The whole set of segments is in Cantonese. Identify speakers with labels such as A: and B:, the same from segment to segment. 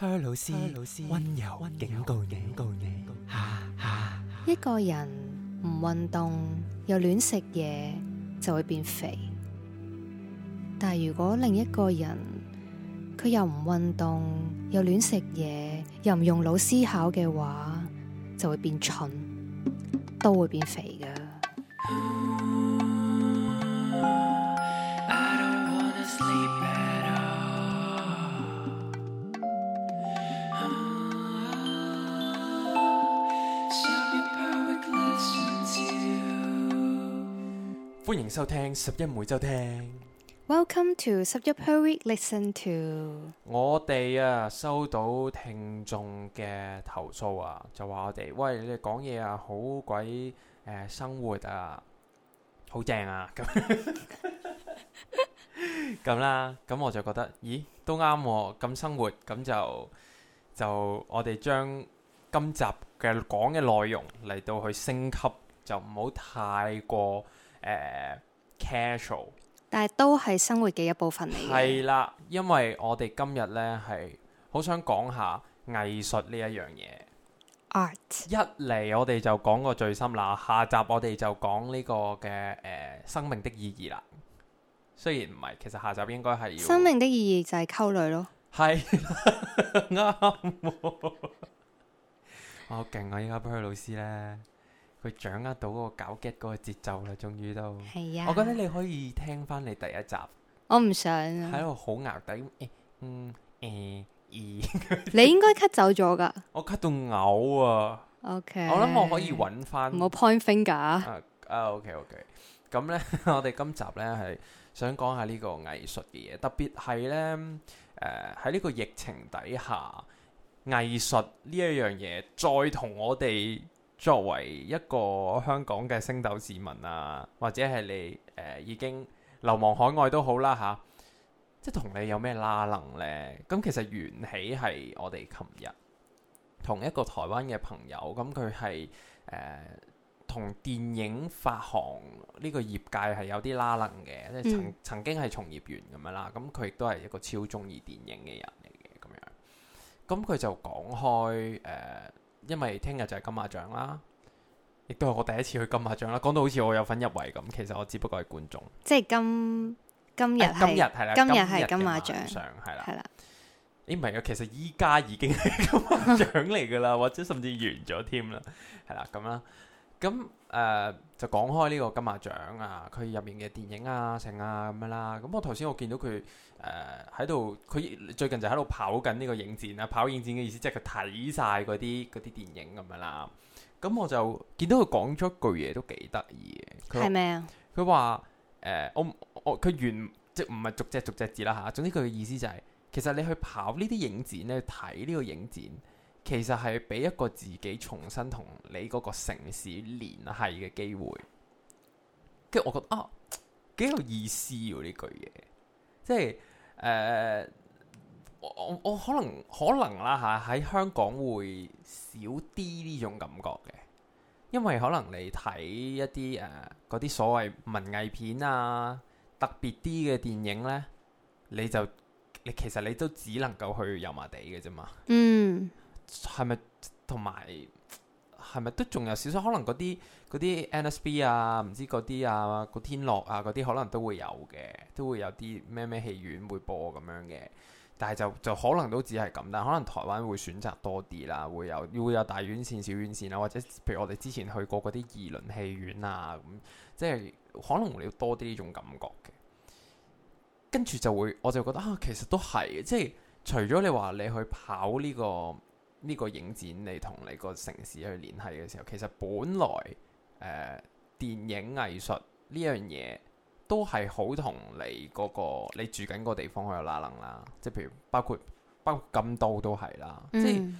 A: 崔老師溫柔警告警告警
B: 告，一個人唔運動又亂食嘢就會變肥，但係如果另一個人佢又唔運動又亂食嘢又唔用腦思考嘅話，就會變蠢，都會變肥㗎。
A: 歡迎收聽十一每周聽。
B: Welcome to 十一 per week listen to。
A: 我哋啊，收到聽眾嘅投訴啊，就話我哋，喂，你哋講嘢啊，好鬼誒，生活啊，好正啊，咁咁啦。咁我就覺得，咦，都啱喎。咁生活咁就就我哋將今集嘅講嘅內容嚟到去升級，就唔好太過。casual
B: 但係都係生活嘅一部分嚟。係
A: 啦，因為我哋今日呢係好想講下藝術呢一樣嘢。
B: Art，一
A: 嚟我哋就講個最深啦，下集我哋就講呢個嘅誒、呃、生命的意義啦。雖然唔係，其實下集應該係要生命
B: 的意義就係溝女咯。
A: 係啱，我好勁啊！依家畀你老師呢。佢掌握到嗰個搞 gag 嗰個節奏啦，終於都係啊！呀我覺得你可以聽翻你第一集，
B: 我唔想喺度
A: 好牙底。欸、嗯誒，欸欸、
B: 你應該 cut 走咗㗎，
A: 我 cut 到嘔啊
B: ！OK，我諗我可以揾翻冇 point finger 啊，啊，
A: 啊！OK OK，咁咧 我哋今集咧係想講下呢個藝術嘅嘢，特別係咧誒喺呢、呃、個疫情底下，藝術呢一樣嘢再同我哋。作為一個香港嘅星斗市民啊，或者係你誒、呃、已經流亡海外都好啦吓、啊，即係同你有咩拉能呢？咁、嗯嗯、其實緣起係我哋琴日同一個台灣嘅朋友，咁佢係誒同電影發行呢個業界係有啲拉能嘅，即係曾曾經係從業員咁樣啦。咁佢亦都係一個超鍾意電影嘅人嚟嘅咁樣。咁、嗯、佢就講開誒。呃因為聽日就係金馬獎啦，亦都係我第一次去金馬獎啦。講到好似我有份入圍咁，其實我只不過係觀眾。
B: 即係今今日係今日係啦，今日係金，金馬獎上係啦，
A: 係、欸、啦。誒唔係啊，其實依家已經係金馬獎嚟㗎啦， 或者甚至完咗添啦，係啦咁啦。咁誒、呃、就講開呢個金馬獎啊，佢入面嘅電影啊、成啊咁樣啦。咁我頭先我見到佢誒喺度，佢、呃、最近就喺度跑緊呢個影展啊。跑影展嘅意思即係佢睇晒嗰啲啲電影咁樣啦。咁我就見到佢講咗句嘢都幾得意嘅。係咩啊？佢話誒我我佢原即唔係逐隻逐隻字啦嚇。總之佢嘅意思就係、係、其實你去跑呢啲影展咧，去睇呢個影展。其實係俾一個自己重新同你嗰個城市聯繫嘅機會，跟住我覺得啊幾有意思喎呢句嘢，即係誒、呃、我我可能可能啦吓喺香港會少啲呢種感覺嘅，因為可能你睇一啲誒嗰啲所謂文藝片啊，特別啲嘅電影呢，你就你其實你都只能夠去油麻地嘅啫嘛，嗯。係咪同埋係咪都仲有少少？可能嗰啲嗰啲 NSB 啊，唔知嗰啲啊，嗰天樂啊，嗰啲可能都會有嘅，都會有啲咩咩戲院會播咁樣嘅。但係就就可能都只係咁，但係可能台灣會選擇多啲啦，會有會有大院線、小院線啊，或者譬如我哋之前去過嗰啲二輪戲院啊，咁即係可能要多啲呢種感覺嘅。跟住就會我就覺得啊，其實都係即係除咗你話你去跑呢個。呢個影展你同你個城市去聯繫嘅時候，其實本來誒、呃、電影藝術呢樣嘢都係好同你嗰、嗰個你住緊個地方有拉楞啦，即係譬如包括包括金都都係啦，嗯、即係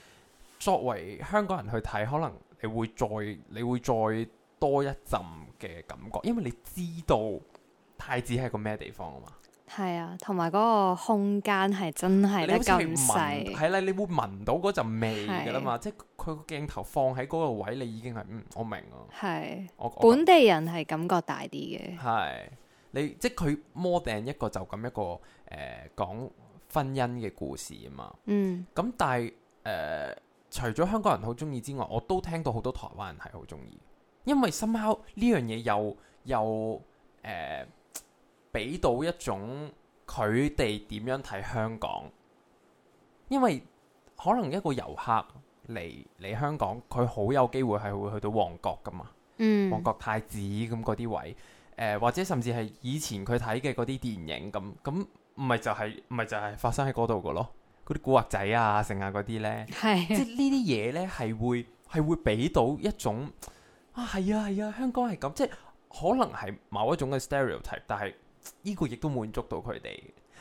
A: 作為香港人去睇，可能你會再你會再多一陣嘅感覺，因為你知道太子係個咩地方嘛。
B: 係啊，同埋嗰個空間係真係都夠細，
A: 係啦、啊，你會聞到嗰陣味噶啦嘛，是即係佢個鏡頭放喺嗰個位，你已經係嗯，我明啊，
B: 係是，我本地人係感覺大啲嘅，
A: 係，你即係佢 model 一個就咁一個誒講、呃、婚姻嘅故事啊嘛，嗯，咁但係誒、呃、除咗香港人好中意之外，我都聽到好多台灣人係好中意，因為 somehow 呢樣嘢又又誒。又又呃俾到一種佢哋點樣睇香港，因為可能一個遊客嚟嚟香港，佢好有機會係會去到旺角噶嘛，旺角、嗯、太子咁嗰啲位，誒、呃、或者甚至係以前佢睇嘅嗰啲電影咁，咁唔係就係唔係就係發生喺嗰度噶咯？嗰啲古惑仔啊，剩啊嗰啲咧， 即係呢啲嘢咧係會係會俾到一種啊係啊係啊，啊香港係咁，即係可能係某一種嘅 stereotype，但係。呢個亦都滿足到佢哋，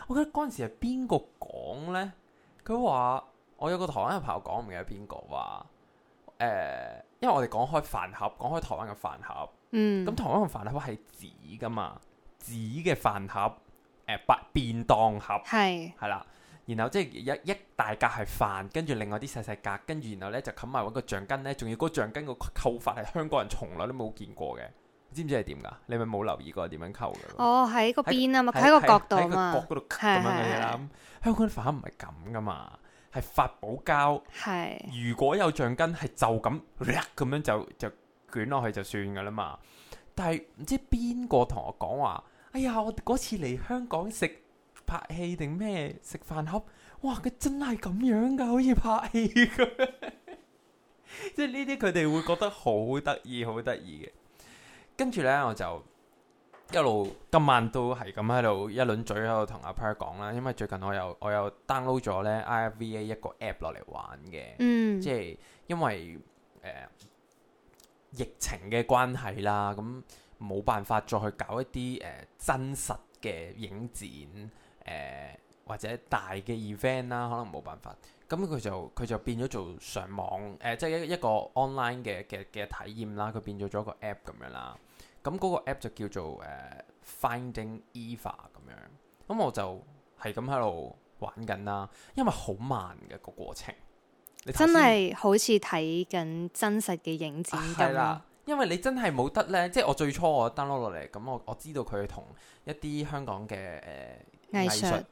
A: 我覺得嗰陣時係邊個講咧？佢話我有個台灣嘅朋友講，唔記得係邊個話，誒、呃，因為我哋講開飯盒，講開台灣嘅飯盒，嗯，咁台灣嘅飯盒係紙噶嘛，紙嘅飯盒，誒、呃，便當盒係係啦，然後即係一一大格係飯，跟住另外啲細細格，跟住然後呢，就冚埋搵個橡筋呢，仲要嗰個橡筋個扣法係香港人從來都冇見過嘅。知唔知係點噶？你咪冇留意過點樣扣嘅？
B: 哦，喺個邊啊？嘛，喺個角度喺個角度咁是樣嘅嘢啦。
A: 香港飯盒唔係咁噶嘛，係發泡膠。係。是是 如果有橡筋，係就咁勒咁樣就就捲落去就算嘅啦嘛。但係唔知邊個同我講話？哎呀，我嗰次嚟香港食拍戲定咩食飯盒？哇，佢真係咁樣㗎，好似拍戲咁。即係呢啲佢哋會覺得好得意，好得意嘅。跟住呢，我就一路今晚都係咁喺度一輪嘴喺度同阿 Per 講啦。因為最近我又我又 download 咗呢 ifva 一個 app 落嚟玩嘅，嗯、即係因為、呃、疫情嘅關係啦，咁、嗯、冇辦法再去搞一啲誒、呃、真實嘅影展誒、呃、或者大嘅 event 啦，可能冇辦法。咁、嗯、佢就佢就變咗做上網誒、呃，即係一一個 online 嘅嘅嘅體驗啦。佢變咗做個 app 咁樣啦。咁嗰、嗯那個 app 就叫做誒、uh, Finding Eva 咁樣，咁、嗯、我就係咁喺度玩緊啦，因為好慢嘅個過程，你真係
B: 好似睇緊真實嘅影子，咁、啊。係啦，
A: 因為你真係冇得呢。即係我最初我 download 落嚟，咁我我知道佢同一啲香港嘅誒、uh, 藝術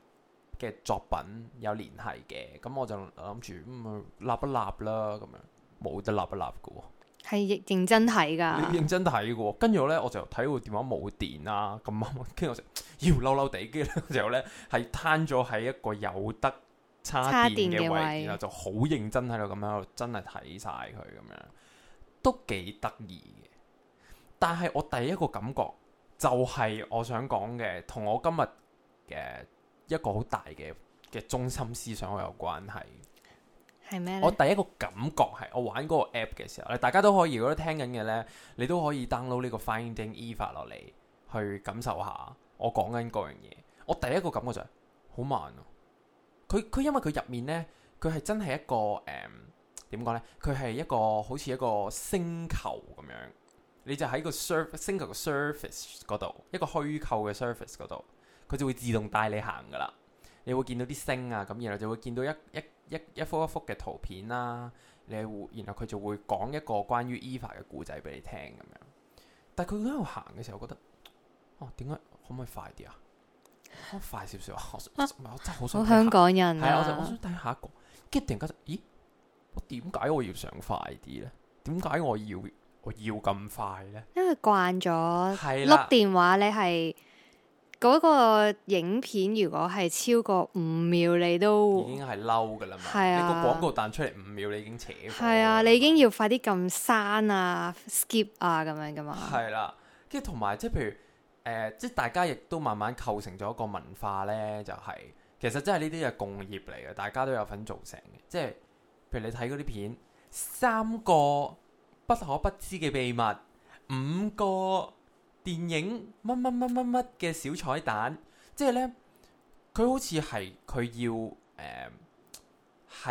A: 嘅作品有聯繫嘅，咁、嗯、我就諗住咁立不立啦，咁、嗯、樣冇得立不立嘅喎。
B: 係認真睇噶，認
A: 真睇嘅。跟住我咧，我就睇到電話冇電啊，咁啱。跟住我就要嬲嬲地。跟住咧就咧，係攤咗喺一個有得叉電嘅位，位然後就好認真喺度咁樣，真係睇晒佢咁樣，都幾得意嘅。但係我第一個感覺就係我想講嘅，同我今日嘅一個好大嘅嘅中心思想我有關係。係咩，我第一個感覺係我玩嗰個 app 嘅時候，你大家都可以，如果聽緊嘅咧，你都可以 download 呢個 Finding Eva 落嚟去感受下我講緊嗰樣嘢。我第一個感覺就係、是、好慢咯、啊。佢佢因為佢入面咧，佢係真係一個誒點講咧？佢、嗯、係一個好似一個星球咁樣，你就喺個 surface 星球嘅 surface 嗰度，一個虛構嘅 surface 嗰度，佢就會自動帶你行噶啦。你會見到啲星啊，咁然後就會見到一一。一一幅一幅嘅圖片啦、啊，你會然後佢就會講一個關於 Eva 嘅故仔俾你聽咁樣。但係佢喺度行嘅時候，我覺得，哦點解可唔可以快啲啊？啊快少少啊！我、啊我真係好想好香港人啊！我就、啊、我想睇下一個，跟住突然間就咦，我點解我要想快啲咧？點解我要我要咁快咧？
B: 因為慣咗碌電話你，你係。嗰個影片如果係超過五秒，你都已經係
A: 嬲噶啦嘛！你係、啊、個廣告彈出嚟五秒，你已經扯。係
B: 啊，你已經要快啲咁刪啊、skip 啊咁樣噶嘛。
A: 係啦、啊，跟住同埋即係譬如誒、呃，即係大家亦都慢慢構成咗一個文化咧，就係、係、其實真係呢啲係共業嚟嘅，大家都有份造成嘅。即係譬如你睇嗰啲片，三個不可不知嘅秘密，五個，電影乜乜乜乜乜嘅小彩蛋，即係呢，佢好似係佢要誒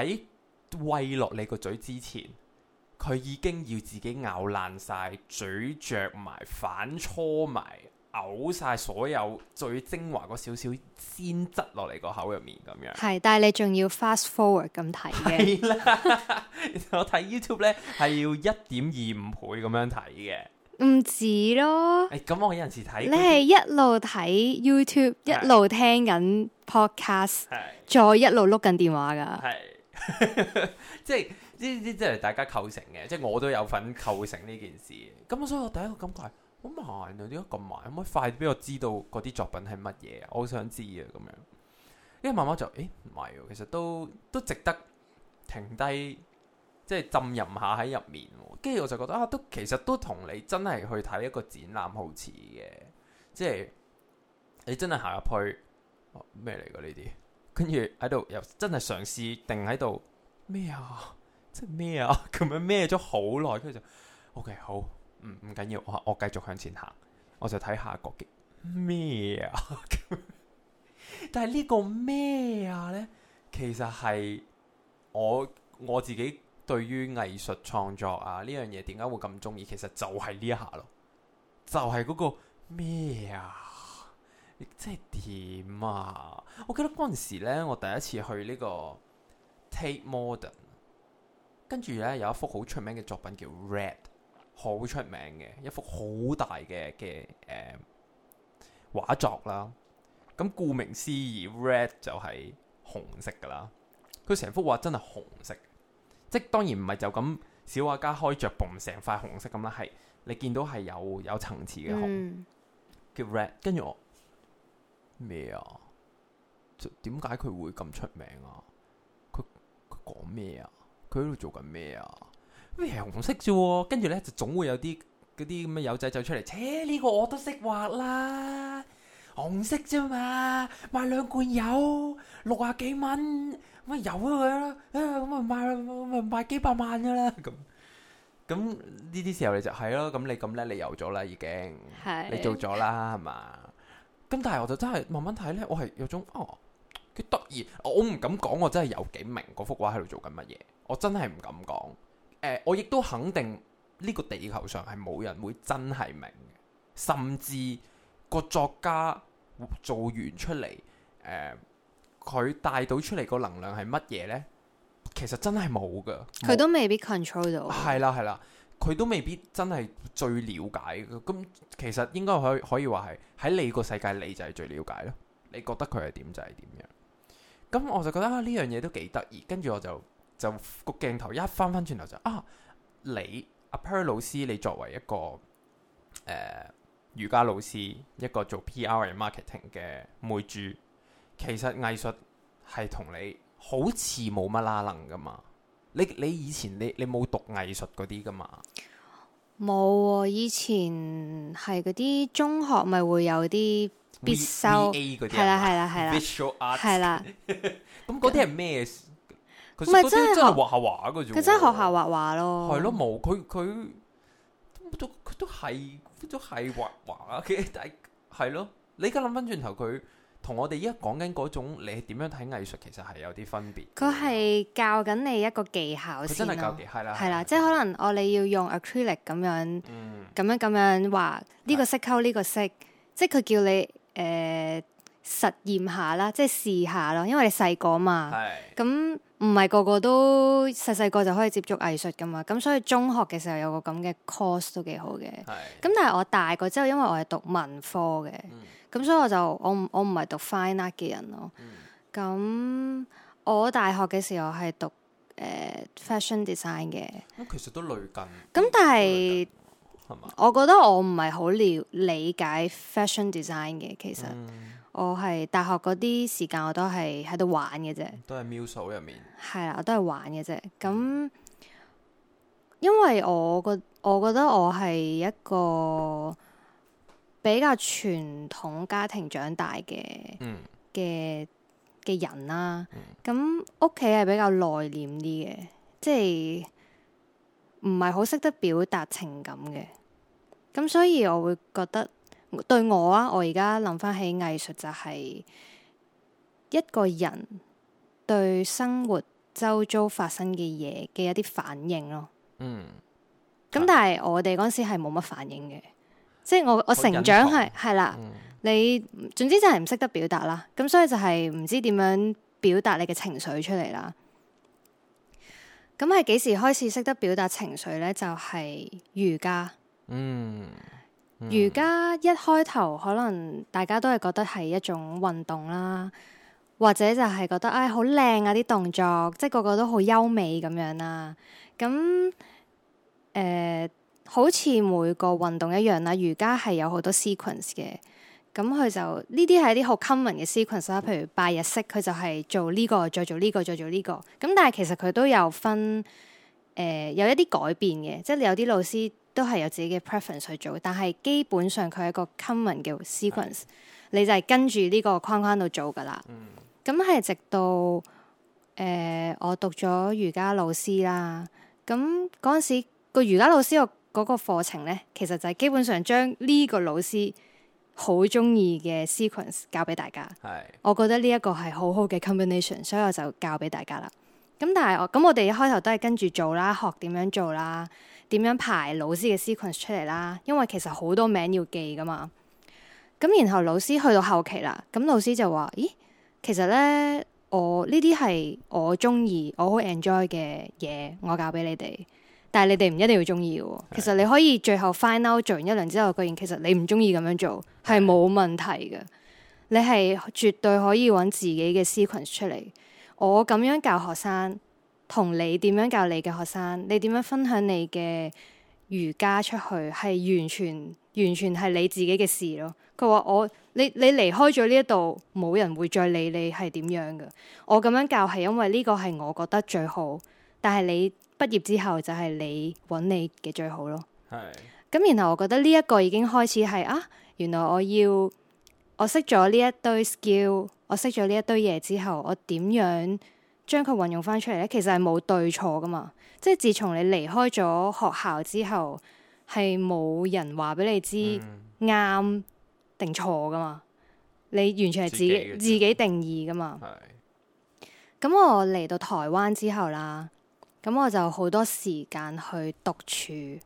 A: 喺餵落你個嘴之前，佢已經要自己咬爛晒，嘴，嚼埋反搓埋，嘔晒所有最精華個少少鮮汁落嚟個口入面咁樣。係，
B: 但係你仲要 fast forward 咁睇嘅。
A: 我睇 YouTube 呢，係要一點二五倍咁樣睇
B: 嘅。唔止咯！咁、欸、我有陣時睇，你係一路睇 YouTube，是一路聽緊 podcast，是再一路碌緊電話噶。
A: 係是， 即係呢啲即係大家構成嘅，即係我都有份構成呢件事。咁 所以我第一個感覺係好慢啊！點解咁慢？可唔可以快啲俾我知道嗰啲作品係乜嘢？我好想知啊，咁樣。因為慢慢就，誒唔係，其實都都值得停低。即係浸淫下喺入面，跟住我就覺得啊，都其實都同你真係去睇一個展覽好似嘅，即係你真係行入去，咩嚟噶呢啲？跟住喺度又真係嘗試定喺度
C: 咩啊？即係咩
A: 啊？咁樣咩咗好耐？跟住就 OK 好，唔唔緊要，我我繼續向前行，我就睇下個嘅咩啊？但係呢個咩啊？呢？其實係我我自己。對於藝術創作啊，呢樣嘢點解會咁中意？其實就係呢一下咯，就係、是、嗰、那個咩啊？即係點啊？我記得嗰陣時咧，我第一次去、這個、Modern，呢個 Tate Modern，跟住呢有一幅好出名嘅作品叫 Red，好出名嘅一幅好大嘅嘅誒畫作啦。咁顧名思義，Red 就係紅色噶啦。佢成幅畫真係紅色。即當然唔係就咁小畫家開着 boom 成塊紅色咁啦，係你見到係有有層次嘅紅、嗯、叫 red。跟住我咩啊？點解佢會咁出名啊？佢佢講咩啊？佢喺度做緊咩啊？咩紅色啫、啊？跟住咧就總會有啲嗰啲咁嘅友仔走出嚟，切呢、呢個我都識畫啦。紅色啫嘛，賣兩罐油，六啊幾蚊，咁咪油咗佢咯，咁咪賣，咪賣幾百萬噶啦咁。咁呢啲時候你就係咯，咁你咁叻，你油咗啦已經，
B: 你做咗
A: 啦係嘛？咁但係我就真係慢慢睇咧，我係有種哦，佢突然，我唔敢講，我真係有幾明嗰幅畫喺度做緊乜嘢，我真係唔敢講。誒，我亦都肯定呢個地球上係冇人會真係明，甚至個作家。做完出嚟，佢、呃、帶到出嚟個能量係乜嘢呢？其實真係冇噶，佢
B: 都未必 control 到沒。
A: 係啦，係啦，佢都未必真係最了解。咁其實應該可可以話係喺你個世界，你就係最了解咯。你覺得佢係點就係點樣？咁我就覺得呢、啊、樣嘢都幾得意。跟住我就就個鏡頭一翻翻轉頭就啊，你阿 Per 老師，你作為一個、呃瑜伽老師，一個做 PR 嘅 marketing 嘅妹豬，其實藝術係同你好似冇乜拉能㗎嘛？你你以前你你冇讀藝術嗰啲㗎嘛？冇、
B: 哦，以前係嗰啲中學咪會有啲必修，係啦係啦係啦 VA 係啦。
A: 咁嗰啲係咩？佢
B: 咪的真係真係
A: 畫畫嘅啫，佢真係學
B: 校畫畫咯。係咯，
A: 冇佢佢都佢都係。都係畫畫嘅，但係係咯，你而家諗翻轉頭，佢同我哋依家講緊嗰種，你係點樣睇藝術，其實係有啲分別。
B: 佢係教緊你一個技巧先咯，係啦，係啦、嗯，即係可能我哋要用 acrylic 咁樣，咁、嗯、樣咁樣畫呢個色溝呢個色，是的 即係佢叫你誒、呃、實驗下啦，即係試下咯，因為細個嘛，咁的。唔係個個都細細個就可以接觸藝術噶嘛，咁所以中學嘅時候有個咁嘅 course 都幾好嘅。咁是但係我大個之後，因為我係讀文科嘅，咁、嗯、所以我就我唔我唔係讀 fine art 嘅人咯。咁、嗯、我大學嘅時候係讀、呃、fashion design 嘅，咁、
A: 嗯、其實都類近。
B: 咁但係我覺得我唔係好了理解 fashion design 嘅，其實。嗯我係大學嗰啲時間，我都係喺度玩嘅啫，
A: 都係 Muso 入面
B: 係啦，我都係玩嘅啫。咁，因為我覺我覺得我係一個比較傳統家庭長大嘅、嘅嘅、嗯、人啦、啊。咁屋企係比較內斂啲嘅，即係唔係好識得表達情感嘅。咁所以我會覺得。對我啊，我而家諗翻起藝術就係一個人對生活周遭發生嘅嘢嘅一啲反應咯。嗯，咁但係我哋嗰陣時係冇乜反應嘅，即係我我成長係係啦，嗯、你總之就係唔識得表達啦，咁所以就係唔知點樣表達你嘅情緒出嚟啦。咁係幾時開始識得表達情緒呢？就係、是、瑜伽。嗯瑜伽一開頭可能大家都係覺得係一種運動啦，或者就係覺得唉，好靚啊啲動作，即係個個都好優美咁樣啦。咁誒、呃，好似每個運動一樣啦，瑜伽係有好多 sequence 嘅。咁佢就呢啲係啲好 common 嘅 sequence 啦，譬如拜日式，佢就係做呢個再做呢個再做呢個。咁但係其實佢都有分誒、呃、有一啲改變嘅，即係有啲老師。都係有自己嘅 preference 去做，但係基本上佢係一個 common 嘅 sequence，< 是的 S 1> 你就係跟住呢個框框度做㗎啦。咁係、嗯、直到誒、呃、我讀咗瑜伽老師啦，咁嗰陣時個瑜伽老師我嗰個課程呢，其實就係基本上將呢個老師好中意嘅 sequence 教俾大家。係，是的 我覺得呢一個係好好嘅 combination，所以我就教俾大家啦。咁但係我咁我哋一開頭都係跟住做啦，學點樣做啦。點樣排老師嘅 sequence 出嚟啦？因為其實好多名要記噶嘛。咁然後老師去到後期啦，咁老師就話：咦，其實呢，我呢啲係我中意，我好 enjoy 嘅嘢，我教俾你哋。但係你哋唔一定要中意。其實你可以最後 final 做完一輪之後，發現其實你唔中意咁樣做，係冇問題嘅。是你係絕對可以揾自己嘅 sequence 出嚟。我咁樣教學生。同你點樣教你嘅學生，你點樣分享你嘅瑜伽出去，係完全完全係你自己嘅事咯。佢話我你你離開咗呢一度，冇人會再理你係點樣㗎。我咁樣教係因為呢個係我覺得最好，但係你畢業之後就係你揾你嘅最好咯。係咁的，然後我覺得呢一個已經開始係啊，原來我要我識咗呢一堆 skill，我識咗呢一堆嘢之後，我點樣？將佢運用翻出嚟咧，其實係冇對錯㗎嘛。即係自從你離開咗學校之後，係冇人話俾你知啱定錯㗎嘛。嗯、你完全係自己自己，自己定義㗎嘛。係的。咁我嚟到台灣之後啦，咁我就好多時間去獨處。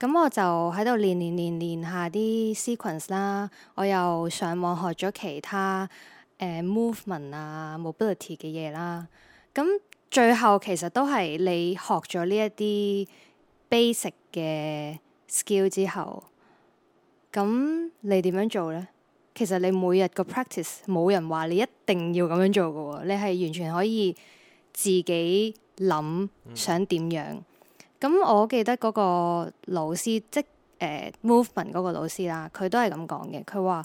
B: 咁我就喺度練練練練下啲 sequence 啦。我又上網學咗其他。movement 啊，mobility 嘅嘢啦，咁最後其實都係你學咗呢一啲 basic 嘅 skill 之後，咁你點樣做呢？其實你每日個 practice 冇人話你一定要咁樣做嘅喎，你係完全可以自己諗想點樣。咁、嗯、我記得嗰個老師，即、uh, movement 嗰個老師啦，佢都係咁講嘅。佢話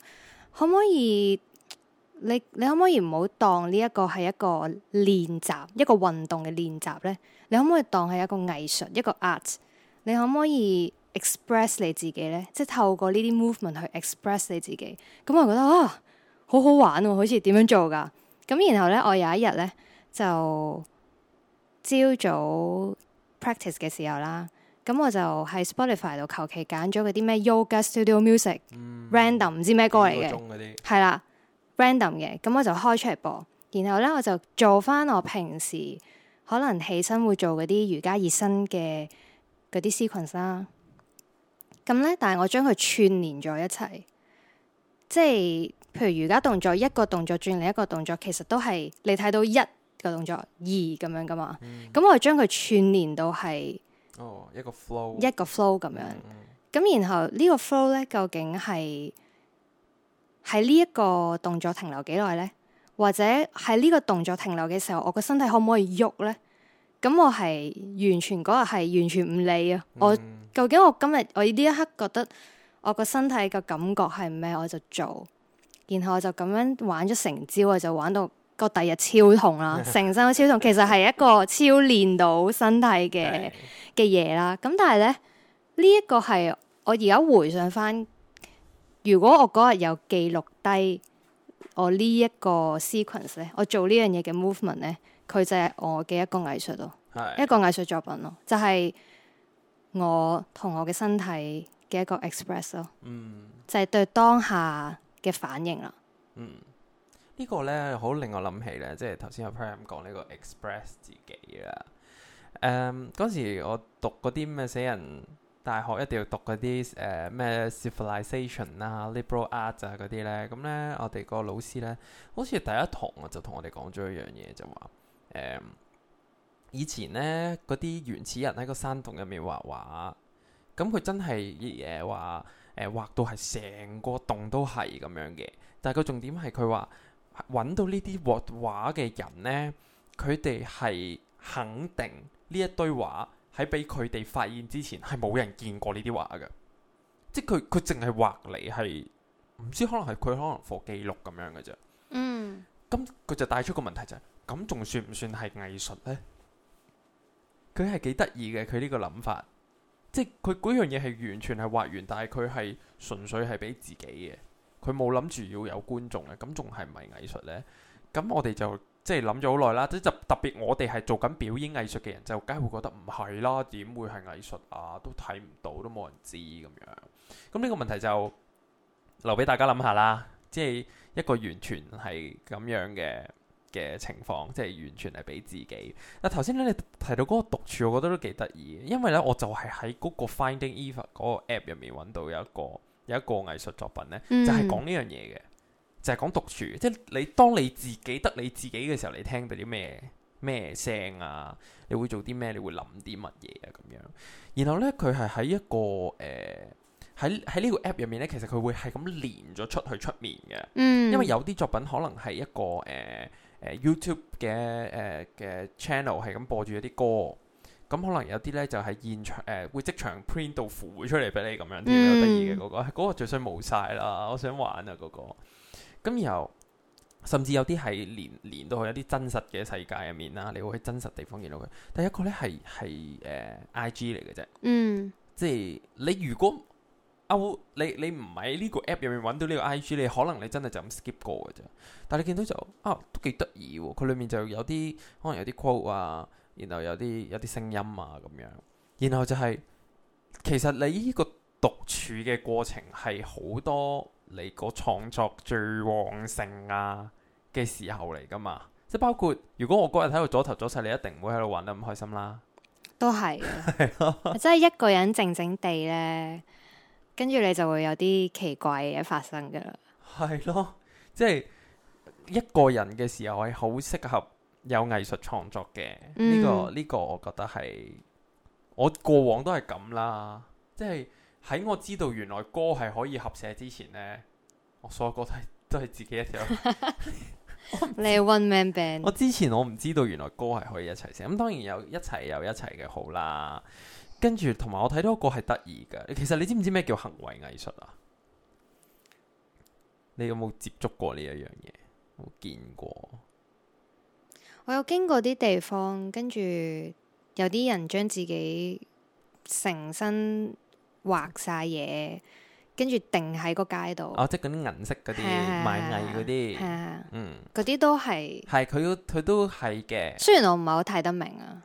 B: 可唔可以？你你可唔可以唔好當呢一個係一個練習，一個運動嘅練習呢？你可唔可以當係一個藝術，一個 art？你可唔可以 express 你自己呢？即係透過呢啲 movement 去 express 你自己。咁我覺得啊，好好玩喎、啊，好似點樣做噶？咁然後呢，我有一日呢，就朝早 practice 嘅時候啦，咁我就喺 Spotify 度求其揀咗嗰啲咩 Yoga Studio Music、嗯、Random 唔知咩歌嚟嘅，係啦。random 嘅，咁我就開出嚟播，然後呢，我就做返我平時可能起身會做嗰啲瑜伽熱身嘅嗰啲 sequence 啦。咁呢，但係我將佢串連咗一齊，即係譬如瑜伽動作一個動作轉另一個動作，其實都係你睇到一個動作二咁樣㗎嘛。咁、嗯、我就將佢串連到係
A: 哦一個 flow、哦、一
B: 個 flow 咁樣。咁、嗯嗯、然後呢個 flow 呢，究竟係？喺呢一個動作停留幾耐呢？或者喺呢個動作停留嘅時候，我個身體可唔可以喐呢？咁我係完全嗰日係完全唔理啊！我究竟我今日我呢一刻覺得我個身體嘅感覺係咩？我就做，然後我就咁樣玩咗成朝招，我就玩到個第日超痛啦！成身都超痛， 其實係一個超練到身體嘅嘅嘢啦。咁但係呢，呢、這、一個係我而家回想翻。如果我嗰日有記錄低我呢一個 sequence 咧，我做呢樣嘢嘅 movement 咧，佢就係我嘅一個藝術咯，的一個藝術作品咯，就係、是、我同我嘅身體嘅一個 express 咯，嗯，就係對當下嘅反應啦。嗯，
A: 這個、呢個咧好令我諗起咧，即係頭先阿 Pram 講呢個 express 自己啦。誒，嗰時我讀嗰啲咩寫人。大學一定要讀嗰啲誒咩、呃、civilization 啊、liberal art 啊嗰啲咧，咁咧我哋個老師咧，好似第一堂就同我哋講咗一樣嘢，就話誒、嗯、以前咧嗰啲原始人喺個山洞入面畫畫，咁佢真係誒話誒畫到係成個洞都係咁樣嘅，但係個重點係佢話揾到呢啲畫畫嘅人咧，佢哋係肯定呢一堆畫。喺俾佢哋發現之前，係冇人見過呢啲畫嘅，即係佢佢淨係畫嚟係唔知，可能係佢可能放記錄咁樣嘅啫。嗯，咁佢就帶出個問題就係：咁仲算唔算係藝術呢？佢係幾得意嘅佢呢個諗法，即係佢嗰樣嘢係完全係畫完，但係佢係純粹係俾自己嘅，佢冇諗住要有觀眾嘅，咁仲係唔係藝術呢？咁我哋就。即係諗咗好耐啦，即係特別我哋係做緊表演藝術嘅人，就梗係會覺得唔係啦，點會係藝術啊？都睇唔到，都冇人知咁樣。咁呢個問題就留俾大家諗下啦。即係一個完全係咁樣嘅嘅情況，即係完全係俾自己。但頭先咧，你提到嗰個獨處，我覺得都幾得意，因為咧，我就係喺嗰個 Finding Eva 嗰個 App 入面搵到有一個有一個藝術作品咧，嗯，就係講呢樣嘢嘅。就係講獨處，即係你當你自己得你自己嘅時候，你聽到啲咩咩聲啊？你會做啲咩？你會諗啲乜嘢啊？咁樣。然後呢，佢係喺一個誒喺喺呢個 app 入面呢，其實佢會係咁連咗出去出面嘅。嗯、因為有啲作品可能係一個誒、呃呃、YouTube 嘅誒嘅、呃、channel 係咁播住一啲歌，咁可能有啲呢，就係現場誒、呃、會即場 print 到符出嚟俾你咁樣，點得意嘅嗰個？嗰、嗰個最衰冇晒啦，我想玩啊嗰、嗰個。咁然後，甚至有啲係連連到去一啲真實嘅世界入面啦，你會喺真實地方見到佢。
C: 第一個咧係
A: 係誒 IG 嚟嘅啫，呃、嗯，即係你如果歐、哦、你你唔喺呢個 app 入面搵到呢個 IG，你可能你真係就咁 skip 過嘅啫。但係你見到就啊、哦，都幾得意喎！佢裏面就有啲可能有啲 quote 啊，然後有啲有啲聲音啊咁樣，然後就係、是、其實你呢個獨處嘅過程係好多。你個創作最旺盛啊嘅時候嚟㗎嘛？即係包括，如果我嗰日喺度阻頭阻勢，你一定唔會喺度玩得咁開心啦。
B: 都係，即係 一個人靜靜地呢，跟住你就會有啲奇怪嘢發生㗎啦。
A: 係
C: 咯， 即係
A: 一個人嘅時候係好適合有藝術創作嘅呢個
B: 呢
C: 個，
A: 呢個我覺得係我過往都係咁啦，即係。喺我知道原來歌係可以合寫之前呢，我所有歌都係都係自己一首。
B: 你係 one man band。我之
A: 前我唔知道原來歌係可以一齊寫咁，當然有一齊有一齊嘅好啦。跟住同埋我睇到一個係得意噶。其實你知唔知咩叫行為藝術啊？你有冇接觸過呢一樣嘢？冇見過。
B: 我有經過啲地方，跟住有啲人將自己成身。畫晒嘢，跟住定喺個街度。
A: 哦，即係嗰啲銀色嗰啲賣藝嗰啲，嗯，
B: 嗰啲都係。
A: 係佢都佢都係嘅。
B: 雖然我唔係好睇得明啊。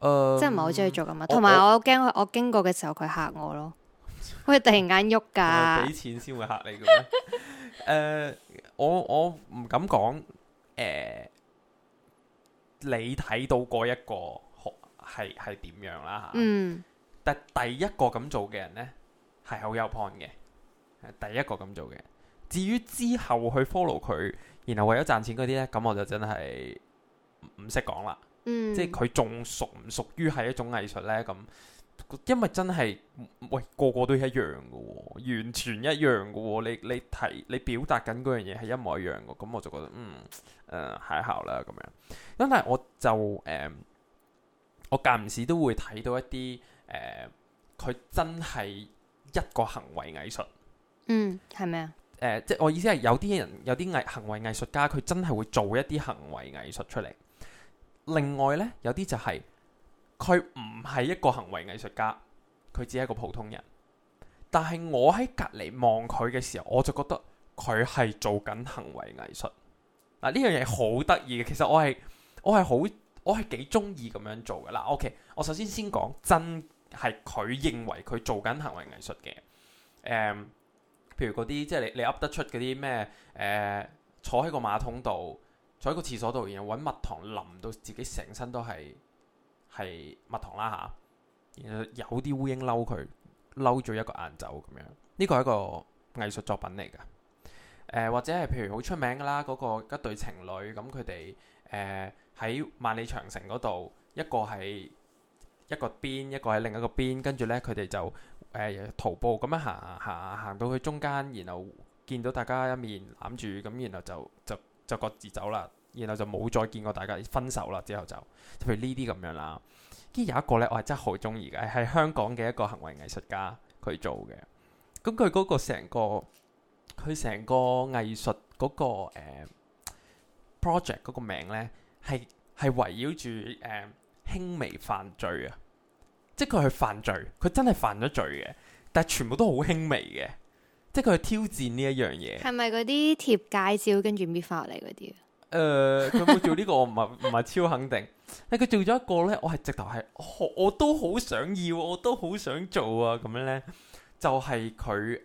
A: 誒，即係唔係好中意做
B: 咁嘛。同埋我驚我經過嘅時候佢嚇我咯，佢突然間喐噶。俾錢先會嚇你嘅咩？
A: 誒，我我唔敢講。誒，你睇到過一個係係點樣啦吓？嗯。但第一個咁做嘅人呢，係好有 point 嘅，第一個咁做嘅。至於之後去 follow 佢，然後為咗賺錢嗰啲呢，咁我就真係唔識講啦。嗯、即係佢仲屬唔屬於係一種藝術呢？咁因為真係喂個個都一樣嘅喎、哦，完全一樣嘅喎、哦。你你提你表達緊嗰樣嘢係一模一樣嘅，咁我就覺得嗯誒，係 OK 啦咁樣。但係我就誒、呃，我間唔時都會睇到一啲。誒，佢、呃、真係一個行為藝術，嗯，
B: 係咪啊？誒、
A: 呃，即係我意思係有啲人有啲藝行為藝術家，佢真係會做一啲行為藝術出嚟。另外呢，有啲就係佢唔係一個行為藝術家，佢只係一個普通人。但係我喺隔籬望佢嘅時候，我就覺得佢係做緊行為藝術。嗱、呃，呢樣嘢好得意嘅，其實我係我係好我係幾中意咁樣做㗎喇、呃。OK，我首先先講真。係佢認為佢做緊行為藝術嘅，誒，譬如嗰啲即係你你噏得出嗰啲咩誒，坐喺個馬桶度，坐喺個廁所度，然後揾蜜糖淋到自己成身都係係蜜糖啦嚇、啊，然後有啲烏蠅嬲佢嬲咗一個晏晝咁樣，呢、這個係一個藝術作品嚟㗎、呃，或者係譬如好出名㗎啦，嗰、那個一對情侶咁佢哋誒喺萬里長城嗰度一個係。一個邊一個喺另一個邊，跟住呢，佢哋就誒、呃、徒步咁樣行行行到去中間，然後見到大家一面攬住，咁然後就就就，就各自走啦，然後就冇再見過大家，分手啦之後就，譬如呢啲咁樣啦。跟住有一個呢，我係真係好中意嘅，係香港嘅一個行為藝術家佢做嘅。咁佢嗰個成個佢成個藝術嗰個、呃、project 嗰個名呢，係係圍繞住誒。輕微犯罪啊，即係佢係犯罪，佢真係犯咗罪嘅，但係全部都好輕微嘅，即係佢係挑戰呢一樣嘢。係
B: 咪嗰啲貼介紹跟住搣翻嚟嗰啲？誒、呃，
A: 佢冇做呢、這個唔係唔係超肯定。
B: 誒，佢做咗一
A: 個呢，我係直頭係，我都好想要，我都好想做啊。咁樣呢，就係佢誒，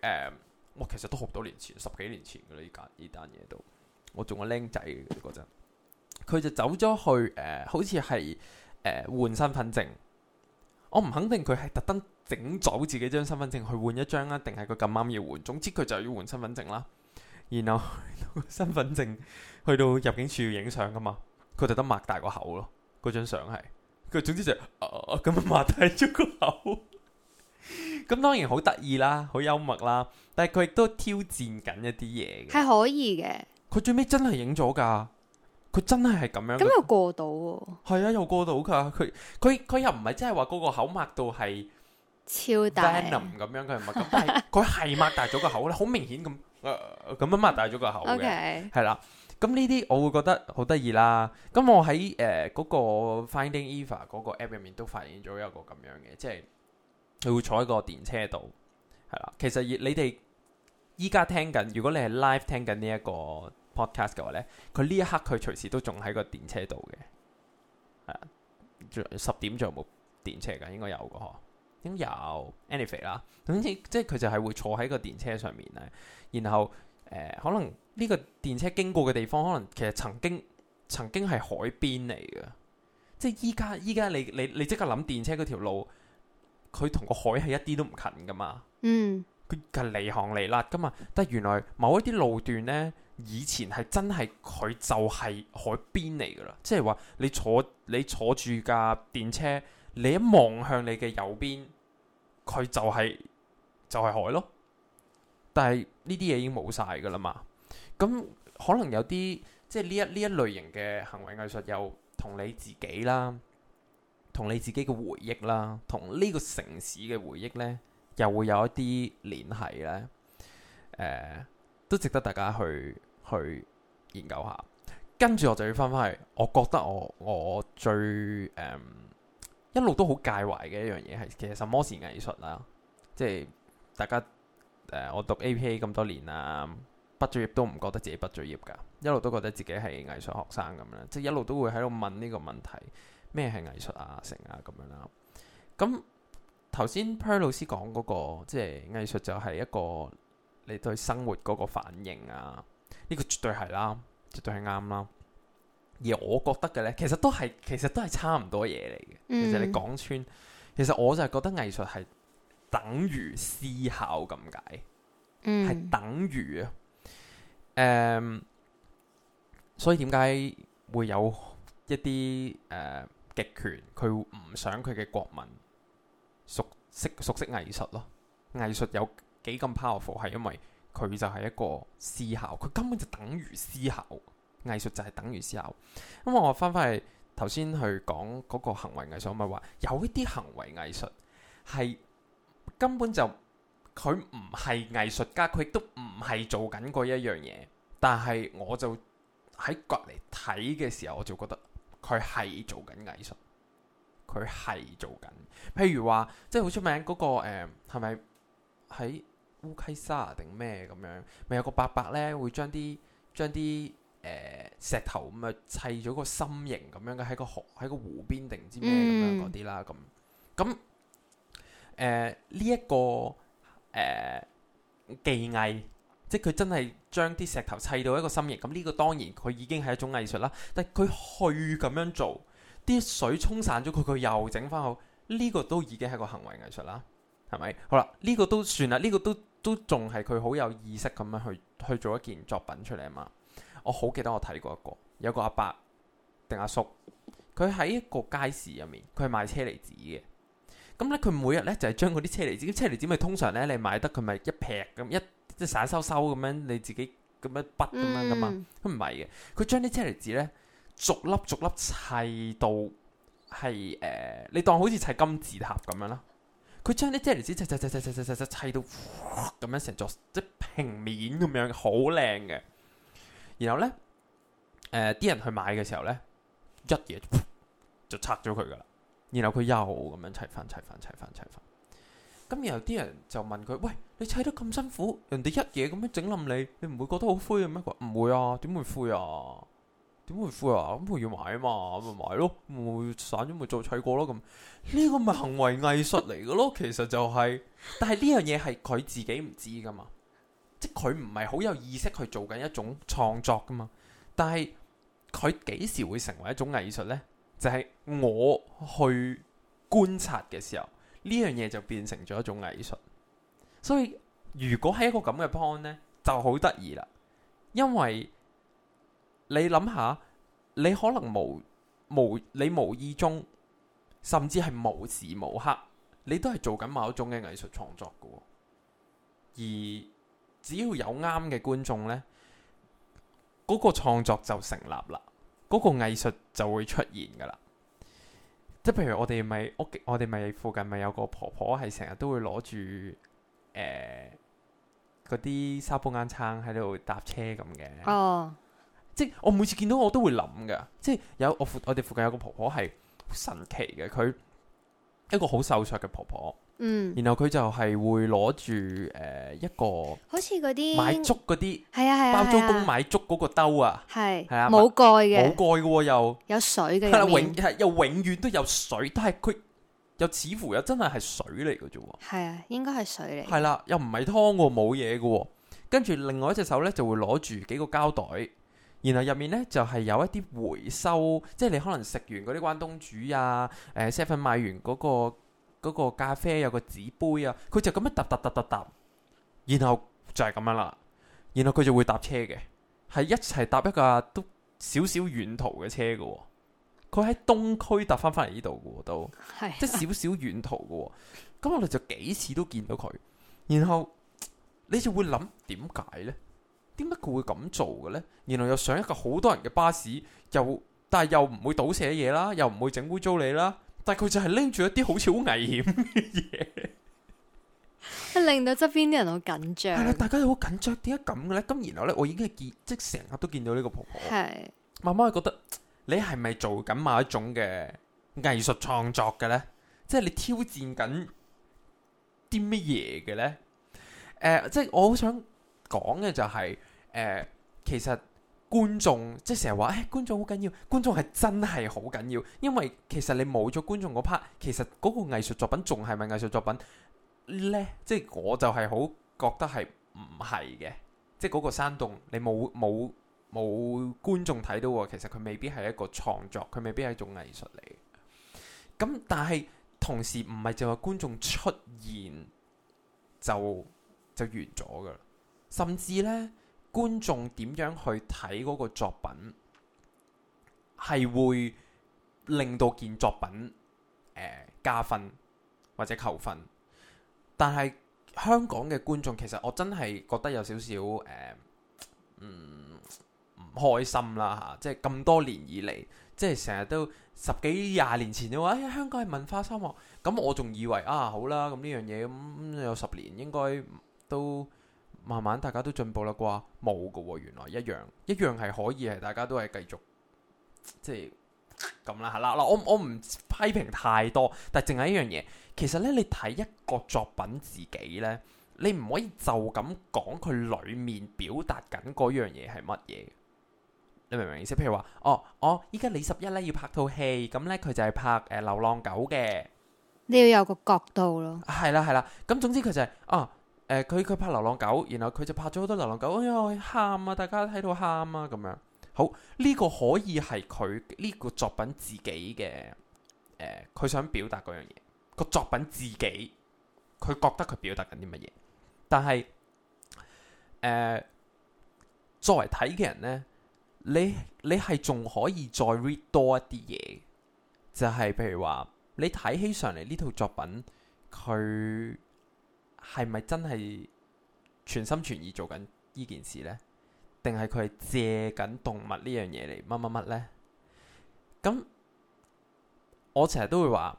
A: 我、呃、其實都好多年前，十幾年前噶啦，呢間呢單嘢都我做個僆仔嗰陣，佢就走咗去誒、呃，好似係。誒，換、呃、身份證，我唔肯定佢係特登整走自己張身份證去換一張啦，定係佢咁啱要換。總之佢就要換身份證啦，然後 身份證去到入境處要影相噶嘛，佢特登擘大個口咯，嗰張相係佢。總之就咁、是、擘、呃、大咗個口，咁 當然好得意啦，好幽默啦，但係佢亦都挑戰緊一啲嘢嘅，
B: 係可以嘅。
A: 佢最尾真係影咗噶。佢真係係咁樣，咁又
B: 過到喎？係啊，又過到
A: 噶，佢佢佢又唔係真係話嗰個口擘到係超大咁樣嘅，唔係咁，但係佢係擘大咗個口咧，好明顯咁，咁樣擘大咗個口嘅，係啦。咁呢啲我會覺得好得意啦。咁我喺誒嗰個 Finding Eva 嗰個 App 入面都發現咗一個咁樣嘅，即係佢會坐喺個電車度。係啦。其實而你哋依家聽緊，如果你係 Live 聽緊呢一個。Podcast 嘅話咧，佢呢一刻佢隨時都仲喺個電車度嘅。uh, 十點仲有冇電車噶？應該有噶嗬，應該有 anyway 啦。總之即係佢就係會坐喺個電車上面咧。然後誒、呃，可能呢個電車經過嘅地方，可能其實曾經曾經係海邊嚟嘅。
C: 即係依
A: 家依家你你你即刻諗電車嗰條路，佢同個海係一啲都唔近噶嘛？嗯，佢係離行離辣噶嘛。但係原來某一啲路段呢。以前係真係佢就係海邊嚟噶啦，即係話你坐你坐住架電車，你一望向你嘅右邊，佢就係就係海咯。但係呢啲嘢已經冇晒噶啦嘛，咁可能有啲即係呢一呢一類型嘅行為藝術，又同你自己啦，同你自己嘅回憶啦，同呢個城市嘅回憶呢，又會有一啲聯繫呢。呃，都值得大家去。去研究下，跟住我就要翻翻去。我覺得我我最誒、嗯、一路都好介懷嘅一樣嘢係其實什麼是藝術啦、啊？即係大家誒、呃，我讀 A.P.A. 咁多年啦、啊，畢咗業都唔覺得自己畢咗業㗎，一路都覺得自己係藝術學生咁樣，即係一路都會喺度問呢個問題咩係藝術啊？成啊咁樣啦。咁頭先 Peril 老師講嗰、那個即係藝術就係一個你對生活嗰個反應啊。呢個絕對係啦，絕對係啱啦。而我覺得嘅呢，其實都係，其實都係差唔多嘢嚟嘅。嗯、其實你講穿，其實我就係覺得藝術係等於思考咁解，係、嗯、等於誒、嗯。所以點解會有一啲誒、呃、極權，佢唔想佢嘅國民熟識熟、熟悉藝術咯？藝術有幾咁 powerful 係因為？佢就係一個思考，佢根本就等於思考，藝術就係等於思考。咁我翻翻去頭先去講嗰個行為藝術，咪話有一啲行為藝術係根本就佢唔係藝術家，佢亦都唔係做緊嗰一樣嘢，但係我就喺隔離睇嘅時候，我就覺得佢係做緊藝術，佢係做緊。譬如話，即係好出名嗰個誒，係咪喺？是烏溪沙定咩咁樣？咪有個伯伯呢，會將啲將啲誒石頭咁啊，砌咗個心形咁樣嘅，喺個河喺個湖邊定唔知咩咁樣嗰啲啦。咁咁呢一個、呃、技藝，即係佢真係將啲石頭砌到一個心形。咁呢個當然佢已經係一種藝術啦。但係佢去咁樣做，啲水沖散咗佢，佢又整翻好。呢個都已經係個行為藝術啦。係咪？ 好啦，呢、這個都算啦，呢、這個都都仲係佢好有意識咁樣去去做一件作品出嚟啊嘛！我好記得我睇過一個，有個阿伯定阿叔，佢喺一個街市入面，佢係賣車厘子嘅。咁咧，佢每日咧就係將嗰啲車厘子，啲車厘子咪通常咧你買得佢咪一劈咁，一即係散收收咁樣，你自己咁樣剝咁樣噶嘛，佢唔係嘅，佢將啲車厘子咧逐粒逐粒砌到係誒，uh, 你當好似砌金字塔咁樣啦。佢將啲啫喱紙砌砌砌砌砌砌砌砌砌到咁樣成座即平面咁樣，好靚嘅。然後咧，誒、呃、啲人去買嘅時候咧，一嘢就拆咗佢噶啦。然後佢又咁樣砌翻砌翻砌翻砌翻。咁然後啲人就問佢：喂，
C: 你砌得咁辛苦，
A: 人哋一嘢咁樣整冧你，你唔會覺得好灰嘅咩？佢話：唔會啊，點會灰啊？點會灰啊？咁佢要買啊嘛，咪買咯，咪散咗咪做取過咯咁。呢個咪行為藝術嚟嘅咯，其實就係、是，但係呢樣嘢係佢自己唔知噶嘛，即佢唔係好有意識去做緊一種創作噶嘛。但係佢幾時會成為一種藝術呢？就係、是、我去觀察嘅時候，呢樣嘢就變成咗一種藝術。所以如果係一個咁嘅 point 咧，就好得意啦，因為。你諗下，你可能無無你無意中，甚至係無時無刻，你都係做緊某種嘅藝術創作嘅。而只要有啱嘅觀眾呢，嗰個創作就成立啦，嗰個藝術就會出現噶啦。即係譬如我哋咪屋，我哋咪附近咪有個婆婆係成日都會攞住誒嗰啲沙煲罌罉喺度搭車咁嘅即我每次見到我都會諗噶，即係有我，我哋附近有個婆婆係神奇嘅，佢一個好瘦削嘅婆婆，嗯，然後佢就係會攞住誒一個，好似
B: 嗰啲買粥
A: 嗰啲，係啊係、啊、包租公買粥嗰個兜啊，
B: 係係啊，冇、啊、蓋嘅，冇
A: 蓋嘅、啊、又
B: 有水嘅，係啦、啊、永
A: 係又永遠都有水，但係佢又似乎又真係係水嚟嘅啫，係啊，
B: 應該係水嚟，係
A: 啦、啊，又唔係湯嘅冇嘢嘅，跟住另外一隻手咧就會攞住幾個膠袋。然後入面呢，就係有一啲回收，即係你可能食完嗰啲關東煮啊，誒、呃、七買完嗰、嗰個嗰個咖啡有個紙杯啊，佢就咁樣搭搭搭搭搭。然後就係咁樣啦。然後佢就會搭車嘅，係一齊搭一架都少少遠途嘅車嘅、哦。佢喺東區搭翻翻嚟呢度嘅都，即係少少遠途嘅。咁我哋就幾次都見到佢，然後你就會諗點解呢？點解佢會咁做嘅咧？然後又上一個好多人嘅巴士，又但係又唔會倒瀉嘢啦，又唔會整污糟你啦，但係佢就係拎住一啲好似好危險
B: 嘅嘢，令到側邊啲人好緊張。係啦，大
A: 家都好緊張，點解咁嘅咧？咁然後咧，我已經係見即係成日都見到呢個婆婆，係慢慢係覺得你係咪做緊某一種嘅藝術創作嘅咧？即係你挑戰緊啲乜嘢嘅咧？誒，即係我好想講嘅就係。誒、呃，其實觀眾即係成日話誒，觀眾好緊要。觀眾係真係好緊要，因為其實你冇咗觀眾嗰 part，其實嗰個藝術作品仲係咪藝術作品咧？即係我就係好覺得係唔係嘅，即係嗰個山洞你冇冇冇觀眾睇到，其實佢未必係一個創作，佢未必係一種藝術嚟。咁但係同時唔係就話觀眾出現就就完咗噶啦，甚至咧。觀眾點樣去睇嗰個作品，係會令到件作品，呃，加分或者扣分。但係香港嘅觀眾其實我真係覺得有少少誒，嗯，唔開心啦嚇，啊！即係咁多年以嚟，即係成日都十幾廿年前嘅話，哎，香港係文化沙漠。咁我仲以為啊，好啦，咁呢樣嘢咁，嗯，有十年應該都。慢慢大家都進步啦啩，冇㗎喎，原來一樣一樣係可以係，大家都係繼續即係咁啦，係啦，嗱我我唔批評太多，但係淨係一樣嘢，其實咧你睇一個作品自己咧，你唔可以就咁講佢裡面表達緊嗰樣嘢係乜嘢，你明唔明意思？譬如話，哦，我依家李十一咧要拍套戲，咁咧佢就係拍誒、呃、流浪狗嘅，
B: 你要有個角度咯、啊，係
A: 啦係啦，咁總之佢就係、是、哦。啊誒，佢佢、呃、拍流浪狗，然後佢就拍咗好多流浪狗，哎呀喊啊，大家睇到喊啊，咁樣好呢、呢個可以係佢呢個作品自己嘅，誒、呃，佢想表達嗰樣嘢，個作品自己佢覺得佢表達緊啲乜嘢，但係誒、呃、作為睇嘅人呢，你你係仲可以再 read 多一啲嘢，就係、是、譬如話你睇起上嚟呢套作品佢。係咪真係全心全意做緊呢件事呢？定係佢係借緊動物呢樣嘢嚟乜乜乜呢？咁我成日都會話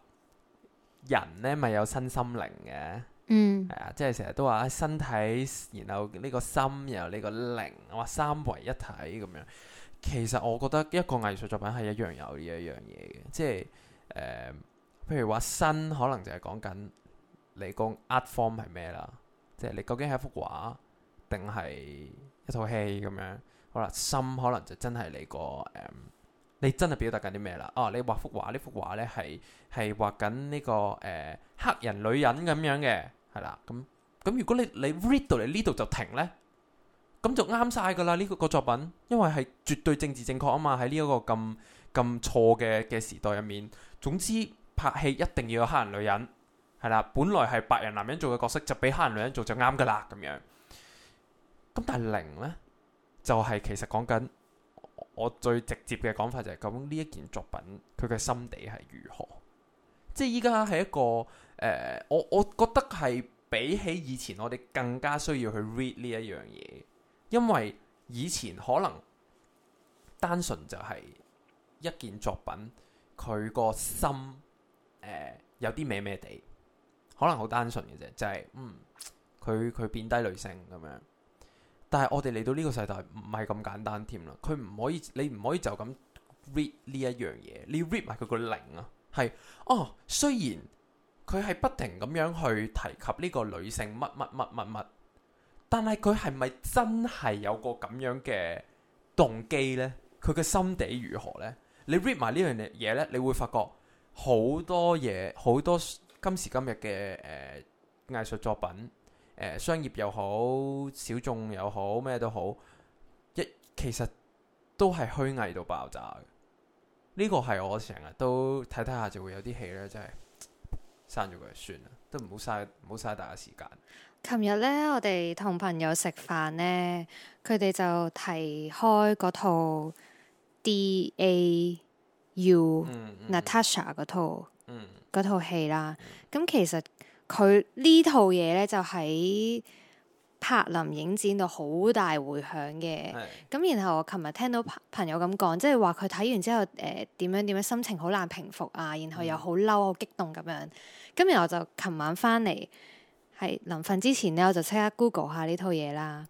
A: 人呢咪有身心靈嘅，嗯，係啊，即係成日都話喺身體，然後呢個心，然後呢個靈，我話三位一體咁樣。其實我覺得一個藝術作品係一樣有呢一樣嘢嘅，即係、呃、譬如話身可能就係講緊。你個 art form 係咩啦？即係你究竟係一幅畫定係一套戲咁樣？好啦，心可能就真係你個誒、嗯，你真係表達緊啲咩啦？哦、啊，你畫幅畫，呢幅畫呢係係畫緊呢、呢個誒、呃、黑人女人咁樣嘅，係啦。咁咁，如果你你 read 到嚟呢度就停呢，咁就啱晒噶啦呢個個作品，因為係絕對政治正確啊嘛。喺呢一個咁咁錯嘅嘅時代入面，總之拍戲一定要有黑人女人。係啦，本來係白人男人做嘅角色，就俾黑人女人做就啱噶啦咁樣。咁但係零呢，就係、是、其實講緊我最直接嘅講法就係究竟呢一件作品佢嘅心底係如何。即係依家係一個誒、呃，我我覺得係比起以前我哋更加需要去 read 呢一樣嘢，因為以前可能單純就係一件作品佢個心、呃、有啲咩咩地。可能好單純嘅啫，就係、是、嗯，佢佢貶低女性咁樣。但係我哋嚟到呢個世代唔係咁簡單添啦。佢唔可以，你唔可以就咁 read 呢一樣嘢。你 read 埋佢個零啊，係哦。雖然佢係不停咁樣去提及呢個女性乜乜乜乜乜，但係佢係咪真係有個咁樣嘅動機呢？佢嘅心底如何呢？你 read 埋呢樣嘢咧，你會發覺好多嘢好多。今時今日嘅誒藝術作品，誒、呃、商業又好，小眾又好，咩都好，一其實都係虛偽到爆炸嘅。呢、這個係我成日都睇睇下就會有啲氣咧，真係刪咗佢算啦，都唔好嘥唔好嘥大家時間。
B: 琴日咧，我哋同朋友食飯咧，佢哋就提開嗰套 D A U、嗯嗯、Natasha 嗰套。嗯，嗰套戲啦，咁、嗯、其實佢呢套嘢呢，就喺柏林影展度好大回響嘅。咁、嗯、然後我琴日聽到朋友咁講，即係話佢睇完之後誒，點、呃、樣點樣，心情好難平復啊，然後又好嬲，好激動咁樣。咁然後我就琴晚翻嚟，係臨瞓之前呢，我就即刻 Google 下呢套嘢啦。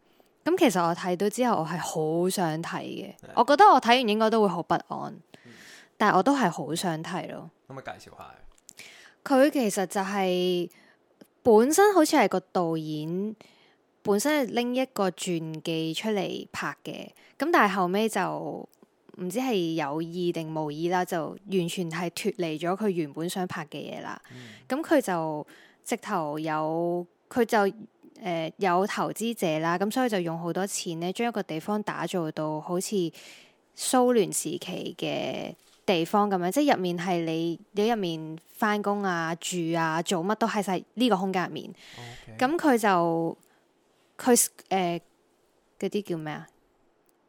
B: 咁其實我睇到之後我，我係好想睇嘅，我覺得我睇完應該都會好不安。但係我都係好想睇咯，咁咪介紹下佢其實就係、是、本身好似係個導演，本身係拎一個傳記出嚟拍嘅。咁但係後尾就唔知係有意定無意啦，就完全係脫離咗佢原本想拍嘅嘢啦。咁佢、嗯、就直頭有，佢就誒、呃、有投資者啦，咁所以就用好多錢呢，將一個地方打造到好似蘇聯時期嘅。地方咁樣，即係入面係你你入面翻工啊，住啊，做乜都喺晒呢個空間入面。咁佢 Okay. 就佢誒嗰啲叫咩啊？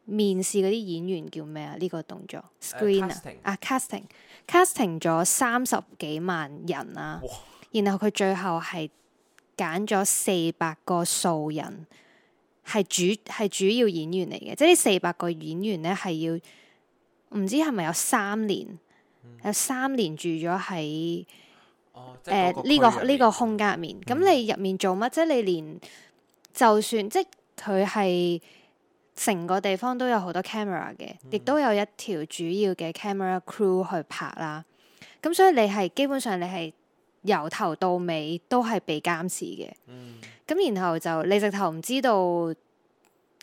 B: 面試嗰啲演員叫咩啊？呢、這個動作 screen、er, uh, Casting 啊，casting，casting 咗三十幾萬人啊，哇然後佢最後係揀咗四百個素人係主係主要演員嚟嘅，即係呢四百個演員咧係要。唔知係咪有三年？嗯、有三年住咗喺誒呢個呢、呃呢個呢個空間入面。咁、嗯、你入面做乜？即係你連就算即係佢係成個地方都有好多 camera 嘅，亦、嗯、都有一條主要嘅 camera crew 去拍啦。咁所以你係基本上你係由頭到尾都係被監視嘅。咁、嗯、然後就你直頭唔知道。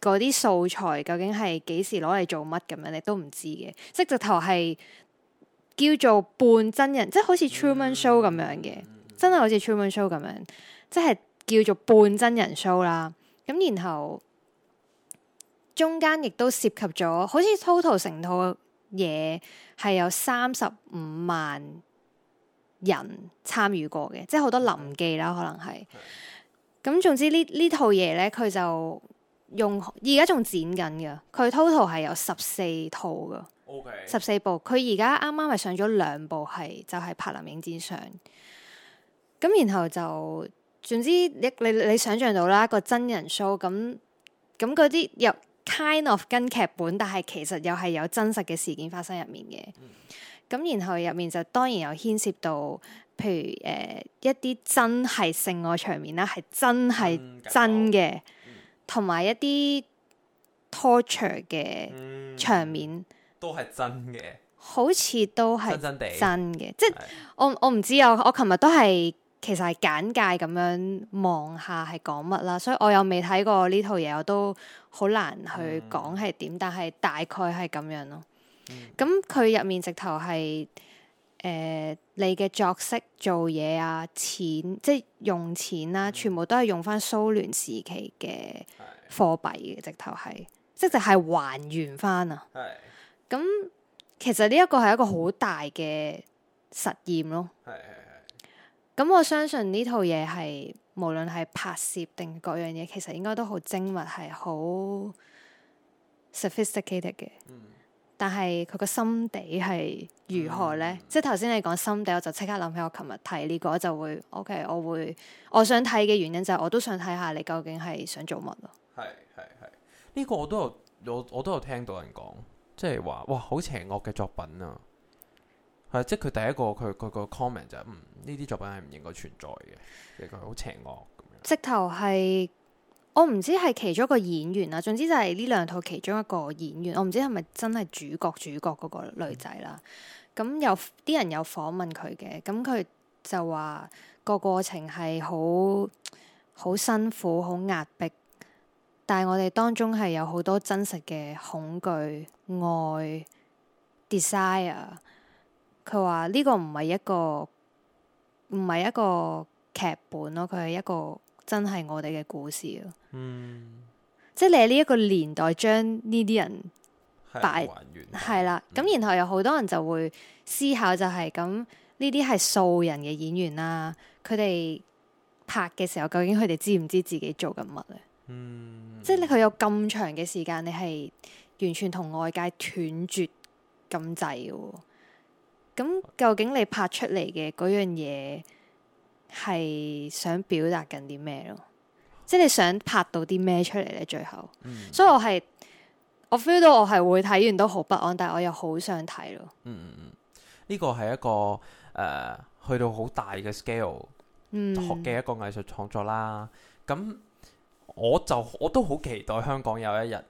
B: 嗰啲素材究竟係幾時攞嚟做乜咁樣，你都唔知嘅。即係直頭係叫做半真人，即係好似 tr《 Truman Show》咁樣嘅，真係好似《Truman Show》咁樣，即係叫做半真人 show 啦。咁然後中間亦都涉及咗，好似 total 成套嘢係有三十五萬人參與過嘅，即係好多臨記啦，可能係。咁， 總之呢呢套嘢呢，佢就。用而家仲剪緊嘅，佢 total 係有十四套嘅，十四 Okay. 部。佢而家啱啱係上咗兩部，係就係、是《柏林影展》上。咁然後就總之一，你你想象到啦，個真人 show 咁咁嗰啲又 kind of 跟劇本，但係其實又係有真實嘅事件發生入面嘅。咁、mm. 然後入面就當然又牽涉到，譬如誒、呃、一啲真係性愛場面啦，係真係、mm. 真嘅。同埋一啲 torture 嘅場面，嗯、
A: 都係真嘅，
B: 好似都係真嘅。真真地。即係、係嘅，我我唔知啊，我琴日都係其實係簡介咁樣望下係講乜啦，所以我又未睇過呢套嘢，我都好難去講係點，嗯、但係大概係咁樣咯。咁佢入面直頭係。誒、呃，你嘅作息、做嘢啊、錢，即係用錢啦、啊，嗯、全部都係用翻蘇聯時期嘅貨幣嘅，直頭係，即係係還原翻啊。係係，咁其實呢一個係一個好大嘅實驗咯。係係係。咁我相信呢套嘢係無論係拍攝定各樣嘢，其實應該都好精密，係好 sophisticated 嘅。嗯但係佢個心底係如何呢？嗯、即係頭先你講心底，我就即刻諗起我琴日睇呢個就會 OK，我會我想睇嘅原因就係我都想睇下你究竟係想做乜咯。
A: 係係係，呢個我都有我，我都有聽到人講，即係話哇好邪惡嘅作品啊！係即係佢第一個佢佢個 comment 就係、是、嗯呢啲作品係唔應該存在嘅，即係佢好邪惡
B: 咁樣。直頭係。我唔知係其中一個演員啦，總之就係呢兩套其中一個演員，我唔知係咪真係主角主角嗰個女仔啦。咁有啲人有訪問佢嘅，咁佢就話個過程係好好辛苦，好壓迫，但係我哋當中係有好多真實嘅恐懼、愛、desire。佢話呢個唔係一個唔係一個劇本咯，佢係一個。真係我哋嘅故事咯，嗯、即係你喺呢一個年代，將呢啲人擺係啦，咁的、嗯、然後有好多人就會思考、就是，就係咁呢啲係素人嘅演員啦、啊，佢哋拍嘅時候，究竟佢哋知唔知自己做緊乜咧？嗯、即係佢有咁長嘅時間，你係完全同外界斷絕咁滯嘅，咁究竟你拍出嚟嘅嗰樣嘢？係想表達緊啲咩咯？即係你想拍到啲咩出嚟呢？最後，嗯、所以我係我 feel 到我係會睇完都好不安，但係我又好想睇咯。嗯嗯
A: 嗯，呢個係一個誒、呃、去到好大嘅 scale，學嘅一個藝術創作啦。咁、嗯、我就我都好期待香港有一日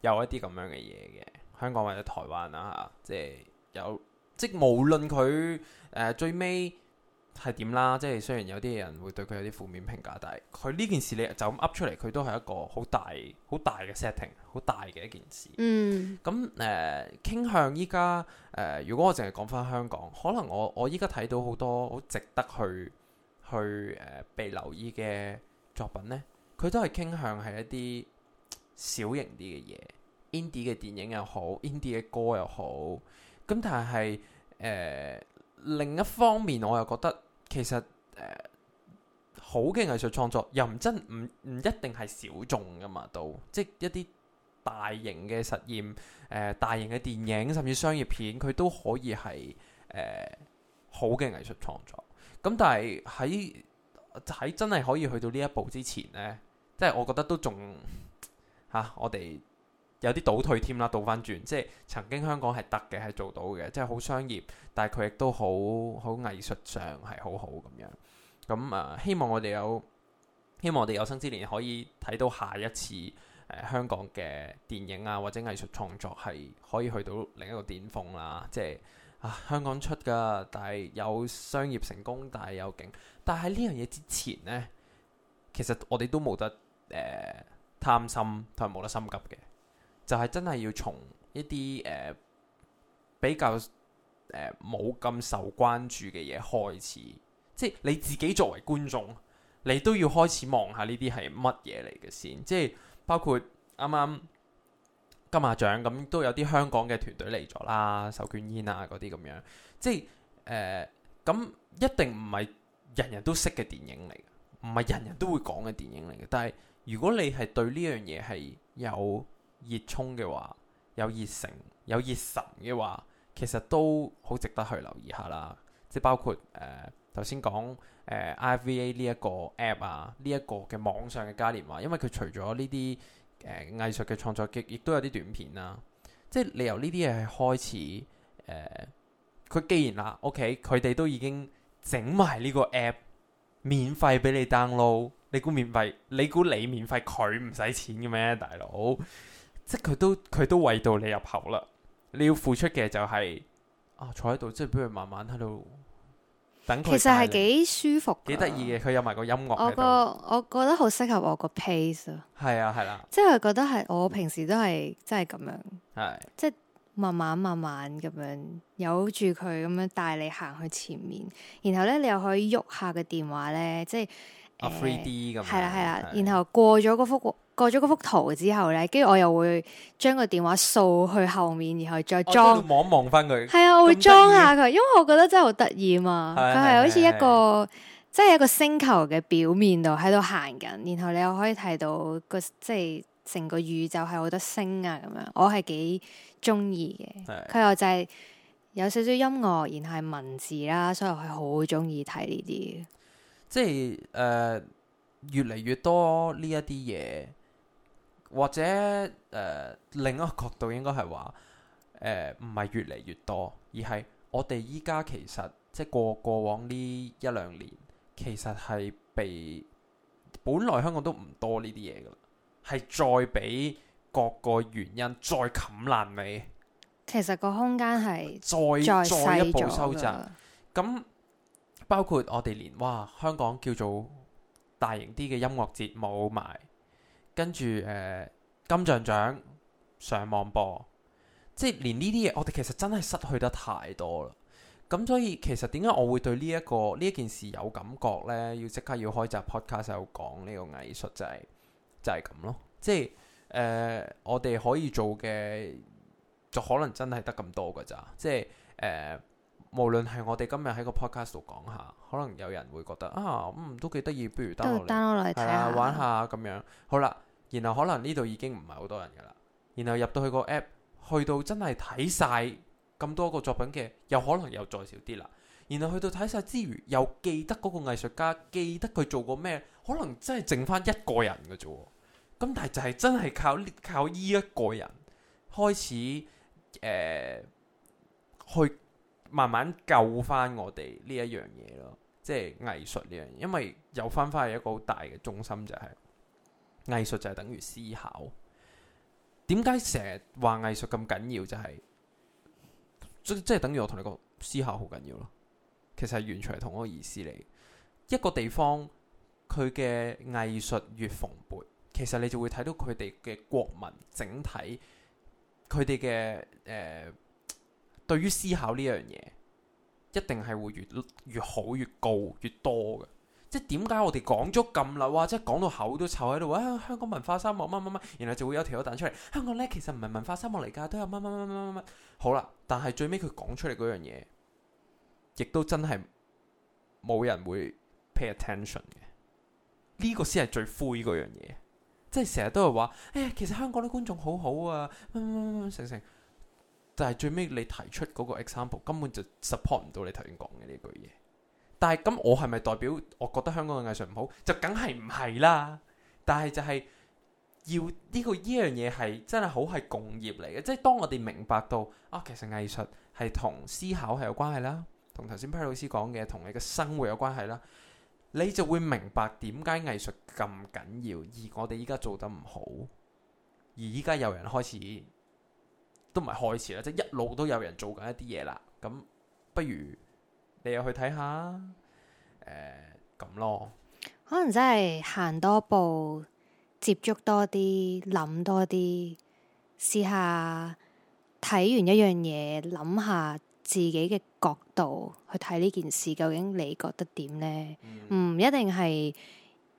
A: 有一啲咁樣嘅嘢嘅，香港或者台灣啊，即係有即係無論佢誒最尾。係點啦？即係雖然有啲人會對佢有啲負面評價，但係佢呢件事你就咁噏出嚟，佢都係一個好大、好大嘅 setting，好大嘅一件事。嗯。咁、呃、誒傾向依家誒，如果我淨係講翻香港，可能我我依家睇到好多好值得去去誒、呃、被留意嘅作品呢，佢都係傾向係一啲小型啲嘅嘢，indie 嘅電影又好，indie 嘅歌又好。咁但係誒、呃、另一方面，我又覺得。其實誒、呃，好嘅藝術創作又唔真唔唔一定係小眾㗎嘛，都即一啲大型嘅實驗誒、呃，大型嘅電影甚至商業片，佢都可以係誒、呃、好嘅藝術創作。咁但係喺喺真係可以去到呢一步之前呢，即係我覺得都仲吓我哋。有啲倒退添啦，倒翻轉，即係曾經香港係得嘅，係做到嘅，即係好商業，但係佢亦都好好藝術上係好好咁樣。咁啊、呃，希望我哋有希望我哋有生之年可以睇到下一次誒、呃、香港嘅電影啊，或者藝術創作係可以去到另一個巔峰啦。即係啊、呃，香港出㗎，但係有商業成功，但係有景。但係呢樣嘢之前呢，其實我哋都冇得誒貪心、呃、同埋冇得心急嘅。就係真係要從一啲誒、呃、比較誒冇咁受關注嘅嘢開始，即係你自己作為觀眾，你都要開始望下呢啲係乜嘢嚟嘅先。即係包括啱啱金馬獎咁都有啲香港嘅團隊嚟咗啦，手捲煙啊嗰啲咁樣，即係誒咁一定唔係人人都識嘅電影嚟，唔係人人都會講嘅電影嚟嘅。但係如果你係對呢樣嘢係有熱衷嘅話，有熱誠，有熱忱嘅話，其實都好值得去留意下啦。即係包括誒頭先講誒 ifva 呢一個 app 啊，呢、這、一個嘅網上嘅嘉年華，因為佢除咗呢啲誒藝術嘅創作嘅，亦都有啲短片啦、啊。即係你由呢啲嘢開始誒，佢、呃、既然啦、啊、OK，佢哋都已經整埋呢個 app 免費俾你 download。你估免費？你估你免費，佢唔使錢嘅咩，大佬？即係佢都佢都餵到你入口啦，你要付出嘅就係、是、啊坐喺度，即係俾佢慢慢喺度等佢。其實係幾
B: 舒服，幾得意
A: 嘅。佢有埋、那個音樂，我覺的
B: Hayır. 我覺得好適合我個 pace 咯。
A: 係啊，係 啦樂，
B: 即係覺得係我平時都係即係咁樣，係即係慢慢慢慢咁樣由住佢咁樣帶你行去前面，然後咧你又可以喐下個電話咧，即係 free D 咁。係啦係啦，然後過咗嗰幅。 過咗嗰幅圖之後呢，跟住我又會將個電話掃去後面，然後再裝
A: 望望返佢。係啊，我會
B: 裝下佢，因為我覺得真係的好得意啊！佢係好似一個，即係一個星球嘅表面度喺度行緊，然後你又可以睇到個即係成個宇宙係好多星啊咁樣。我係幾中意嘅，佢的又就係有少少音樂，然後係文字啦，所以我係好中意睇呢啲。
A: 即係誒、呃，越嚟越多呢一啲嘢。或者誒、呃，另一個角度應該係話，誒、呃，唔係越嚟越多，而係我哋依家其實即係過過往呢一兩年，其實係被本來香港都唔多呢啲嘢噶啦，係再俾各個原因再冚爛尾，
B: 其實個空間係再再，再一步收窄，
A: 咁了的 包括我哋連哇香港叫做大型啲嘅音樂節冇埋。跟住誒、呃、金像獎上網播，即係連呢啲嘢，我哋其實真係失去得太多啦。咁所以其實點解我會對呢、這、一個呢一件事有感覺呢？要即刻要開集 podcast 講呢個藝術就係、是、就係、是、咁咯。即係誒、呃，我哋可以做嘅就可能真係得咁多㗎咋。即係誒、呃，無論係我哋今日喺個 podcast 度講下，可能有人會覺得啊，嗯，都幾得意，不如 download 嚟睇下玩下咁樣。好啦。然後可能呢度已經唔係好多人噶啦，然後入到去個 app，去到真係睇晒咁多個作品嘅，又可能又再少啲啦。然後去到睇晒之餘，又記得嗰個藝術家，記得佢做過咩，可能真係剩翻一個人嘅啫。咁但係就係真係靠呢，靠依一個人開始誒、呃，去慢慢救翻我哋呢一樣嘢咯，即係藝術呢樣嘢，因為又翻翻去一個好大嘅中心就係、是。藝術就係等於思考，點解成日話藝術咁緊要？就係即即係等於我同你講思考好緊要咯。其實完全係同一個意思嚟。一個地方佢嘅藝術越蓬勃，其實你就會睇到佢哋嘅國民整體，佢哋嘅誒對於思考呢樣嘢，一定係會越越好、越高、越多嘅。即係點解我哋講咗咁耐啊，即係講到口都臭喺度，話、啊、香港文化沙漠乜乜乜，然後就會有條友彈出嚟，香港呢，其實唔係文化沙漠嚟噶，都有乜乜乜乜乜乜。好啦，但係最尾佢講出嚟嗰樣嘢，亦都真係冇人會 pay attention 嘅。呢個先係最灰嗰樣嘢，即係成日都係話，哎呀，其實香港啲觀眾好好啊，乜乜乜乜成成。但係最尾你提出嗰個 example，根本就 support 唔到你頭先講嘅呢句嘢。但係咁，我係咪代表我覺得香港嘅藝術唔好？就梗係唔係啦。但係就係要呢個呢樣嘢係真係好係共業嚟嘅。即係當我哋明白到啊，其實藝術係同思考係有關係啦，同頭先 Peter 老師講嘅，同你嘅生活有關係啦，你就會明白點解藝術咁緊要，而我哋依家做得唔好，而依家有人開始都唔係開始啦，即係一路都有人做緊一啲嘢啦。咁不如。你又去睇下誒，咁、呃、咯，
B: 可能真係行多步，接觸多啲，諗多啲，試下睇完一樣嘢，諗下自己嘅角度去睇呢件事，究竟你覺得點呢？唔、嗯嗯、一定係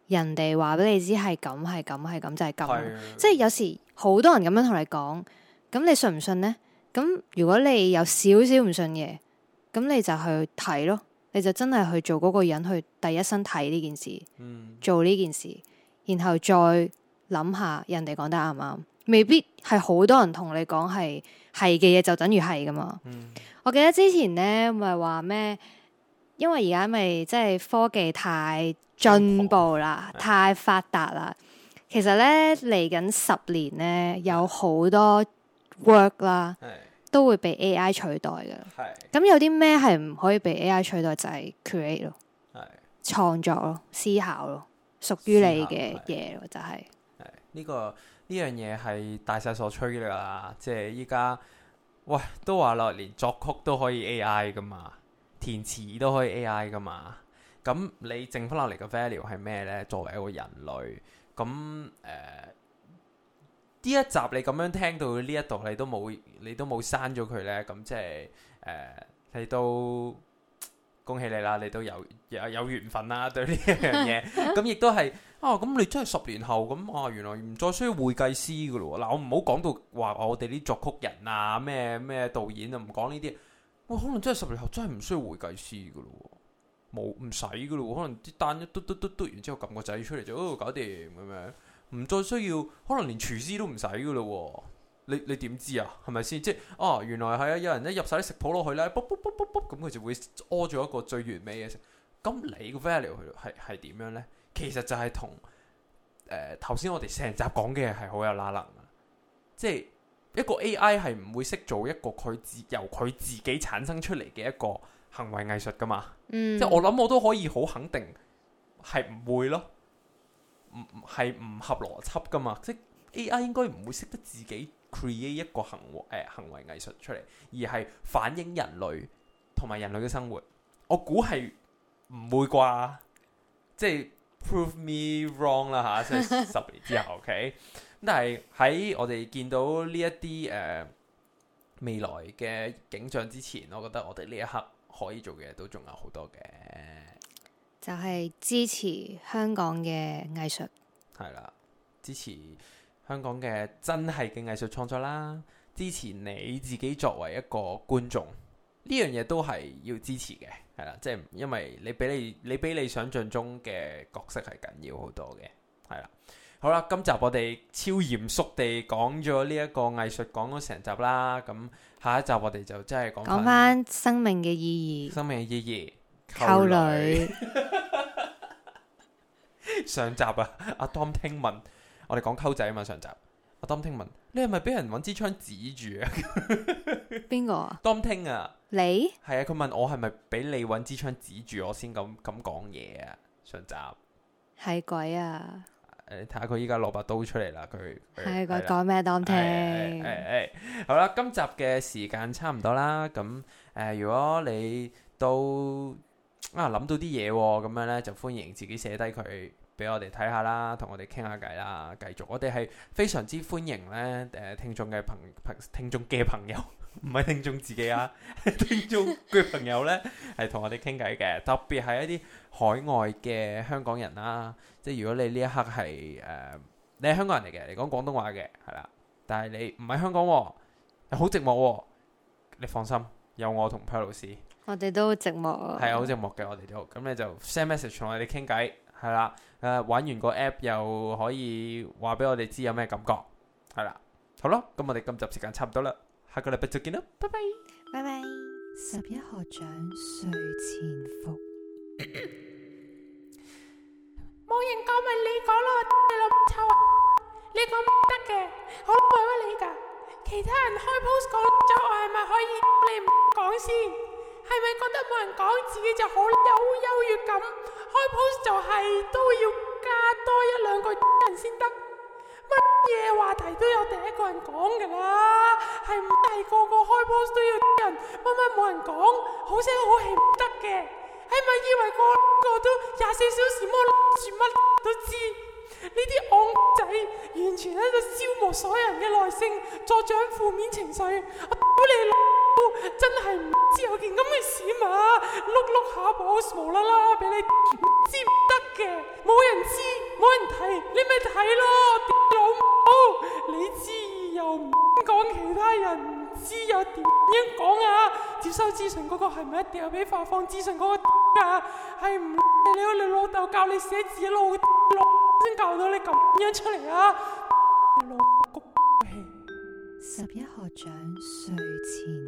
B: 人哋話俾你知係咁，係咁，係咁就係、是、咁，是的 即係有時好多人咁樣同你講，咁你信唔信呢？咁如果你有少少唔信嘅。咁你就去睇咯，你就真係去做嗰個人去第一身睇呢件事，嗯、做呢件事，然後再諗下人哋講得啱唔啱，未必係好多人同你講係係嘅嘢就等於係噶嘛。嗯、我記得之前咧咪話咩，因為而家咪即係科技太進步啦，嗯、太發達啦。其實呢，嚟緊十年呢，有好多 work 啦。嗯嗯都會被 AI 取代噶，咁是有啲咩係唔可以被 AI 取代就係、是、create
A: 咯，
B: 創是作咯，思考咯，屬於你嘅嘢咯，就係、是。係
A: 呢、這個呢樣嘢係大勢所趨啦，即係依家，喂，都話咯，連作曲都可以 AI 噶嘛，填詞都可以 AI 噶嘛，咁你剩翻落嚟嘅 value 係咩呢？作為一個人類，咁誒。呃呢一集你咁樣聽到呢一度你都冇你都冇刪咗佢咧，咁即係誒，你都，、就是呃、你都恭喜你啦，你都有有有緣分啦對呢一樣嘢，咁亦、 嗯、都係啊，咁你真係十年後咁啊，原來唔再需要會計師噶嘞喎，嗱，我唔好講到話我哋啲作曲人啊，咩咩導演啊，唔講呢啲，我可能真係十年後真係唔需要會計師噶嘞喎，冇唔使噶嘞喎，可能啲單一嘟嘟嘟嘟完之後撳個掣出嚟就、哦、搞掂咁樣。唔再需要，可能連廚師都唔使噶咯。你你點知啊？係咪先？即係哦，原來係啊，有人一入晒啲食譜落去咧，卜卜卜卜卜咁，佢就會屙咗一個最完美嘅食。咁你個 value 係係點樣咧？其實就係同誒頭先我哋成集講嘅嘢係好有拉能啊！即係一個 AI 係唔會識做一個佢自由佢自己產生出嚟嘅一個行為藝術噶嘛？嗯，即係我諗我都可以好肯定係唔會咯。唔係唔合邏輯噶嘛？即係 A. I. 應該唔會識得自己 create 一個行，誒行為藝術出嚟，而係反映人類同埋人類嘅生活。我估係唔會啩？即係 prove me wrong 啦吓！即係十年之後，OK。 咁但係喺我哋見到呢一啲誒未來嘅景象之前，我覺得我哋呢一刻可以做嘅嘢都仲有好多嘅。
B: 就係支持香港嘅藝術，係啦，
A: 支持香港嘅真係嘅藝術創作啦，支持你自己作為一個觀眾呢樣嘢都係要支持嘅，係啦，即係因為你比你你比你想象中嘅角色係緊要好多嘅，係啦，好啦，今集我哋超嚴肅地講咗呢一個藝術講咗成集啦，咁下一集我哋就真係講
B: 返生命嘅意義，
A: 生命嘅意義。溝女上集啊，阿 Don 聽問，我哋講溝仔啊嘛。上集阿 Don 聽問，你係咪俾人揾支槍指住啊？
B: 邊個啊 Don 聽啊，你
A: 係啊？佢、啊、問我係咪俾你揾支槍指住我先咁咁講嘢啊？上集
B: 係鬼啊！
A: 誒、啊，睇下佢依家攞把刀出嚟啦，佢係鬼講咩
B: ？Don 聽，誒誒、哎啊
A: 哎哎哎哎，好啦，今集嘅時間差唔多啦。咁、嗯、誒，如果你都……啊諗到啲嘢，咁樣呢就歡迎自己寫低佢俾我哋睇下啦，同我哋傾下偈啦。繼續，我哋係非常之歡迎呢，誒、呃、聽眾嘅朋朋聽眾嘅朋友，唔、呃、係聽眾自己啊， 聽眾嘅朋友呢係同我哋傾偈嘅。特別係一啲海外嘅香港人啦、啊，即係如果你呢一刻係誒、呃、你係香港人嚟嘅，你講廣東話嘅係啦，但係你唔係香港、啊，又好寂寞、啊。你放心，有我同 Paul 老師。
B: 我哋都好寂寞，係啊，好寂
A: 寞嘅我哋都咁，你就 send message 同我哋傾偈，係啦，誒，玩完個 app 又可以話俾我哋知有咩感覺，係啦，好咯，咁我哋今集時間差唔多啦，下個禮拜再
B: 見啦，拜拜，拜拜，十一學長睡前福，
C: 冇人講咪你講咯，你老臭，你講得嘅，好冇你噶，其他人開 post 講咗，我係咪可以你唔講先？係咪覺得冇人講自己就好有優越感？開 post 就係都要加多一兩個人先得，乜嘢話題都有第一個人講㗎啦。係唔係個個開 post 都要人？乜乜冇人講，好聲好氣唔得嘅。係咪以為個個都廿四小時摸住乜都知？呢啲戇仔完全喺度消磨所有人嘅耐性，助長負面情緒。我屌你！真係唔知有件咁嘅事嘛，啊，碌碌下，boss 無啦啦俾你點知得嘅？冇人知，冇人睇，你咪睇咯，老母！你知又唔講，其他人唔知又點樣講啊？接收資訊嗰個係咪一定要俾發放資訊嗰個啊？係唔係你要你老豆教你寫字路老先教到你咁樣出嚟啊？老個氣！
B: 十一學長睡前。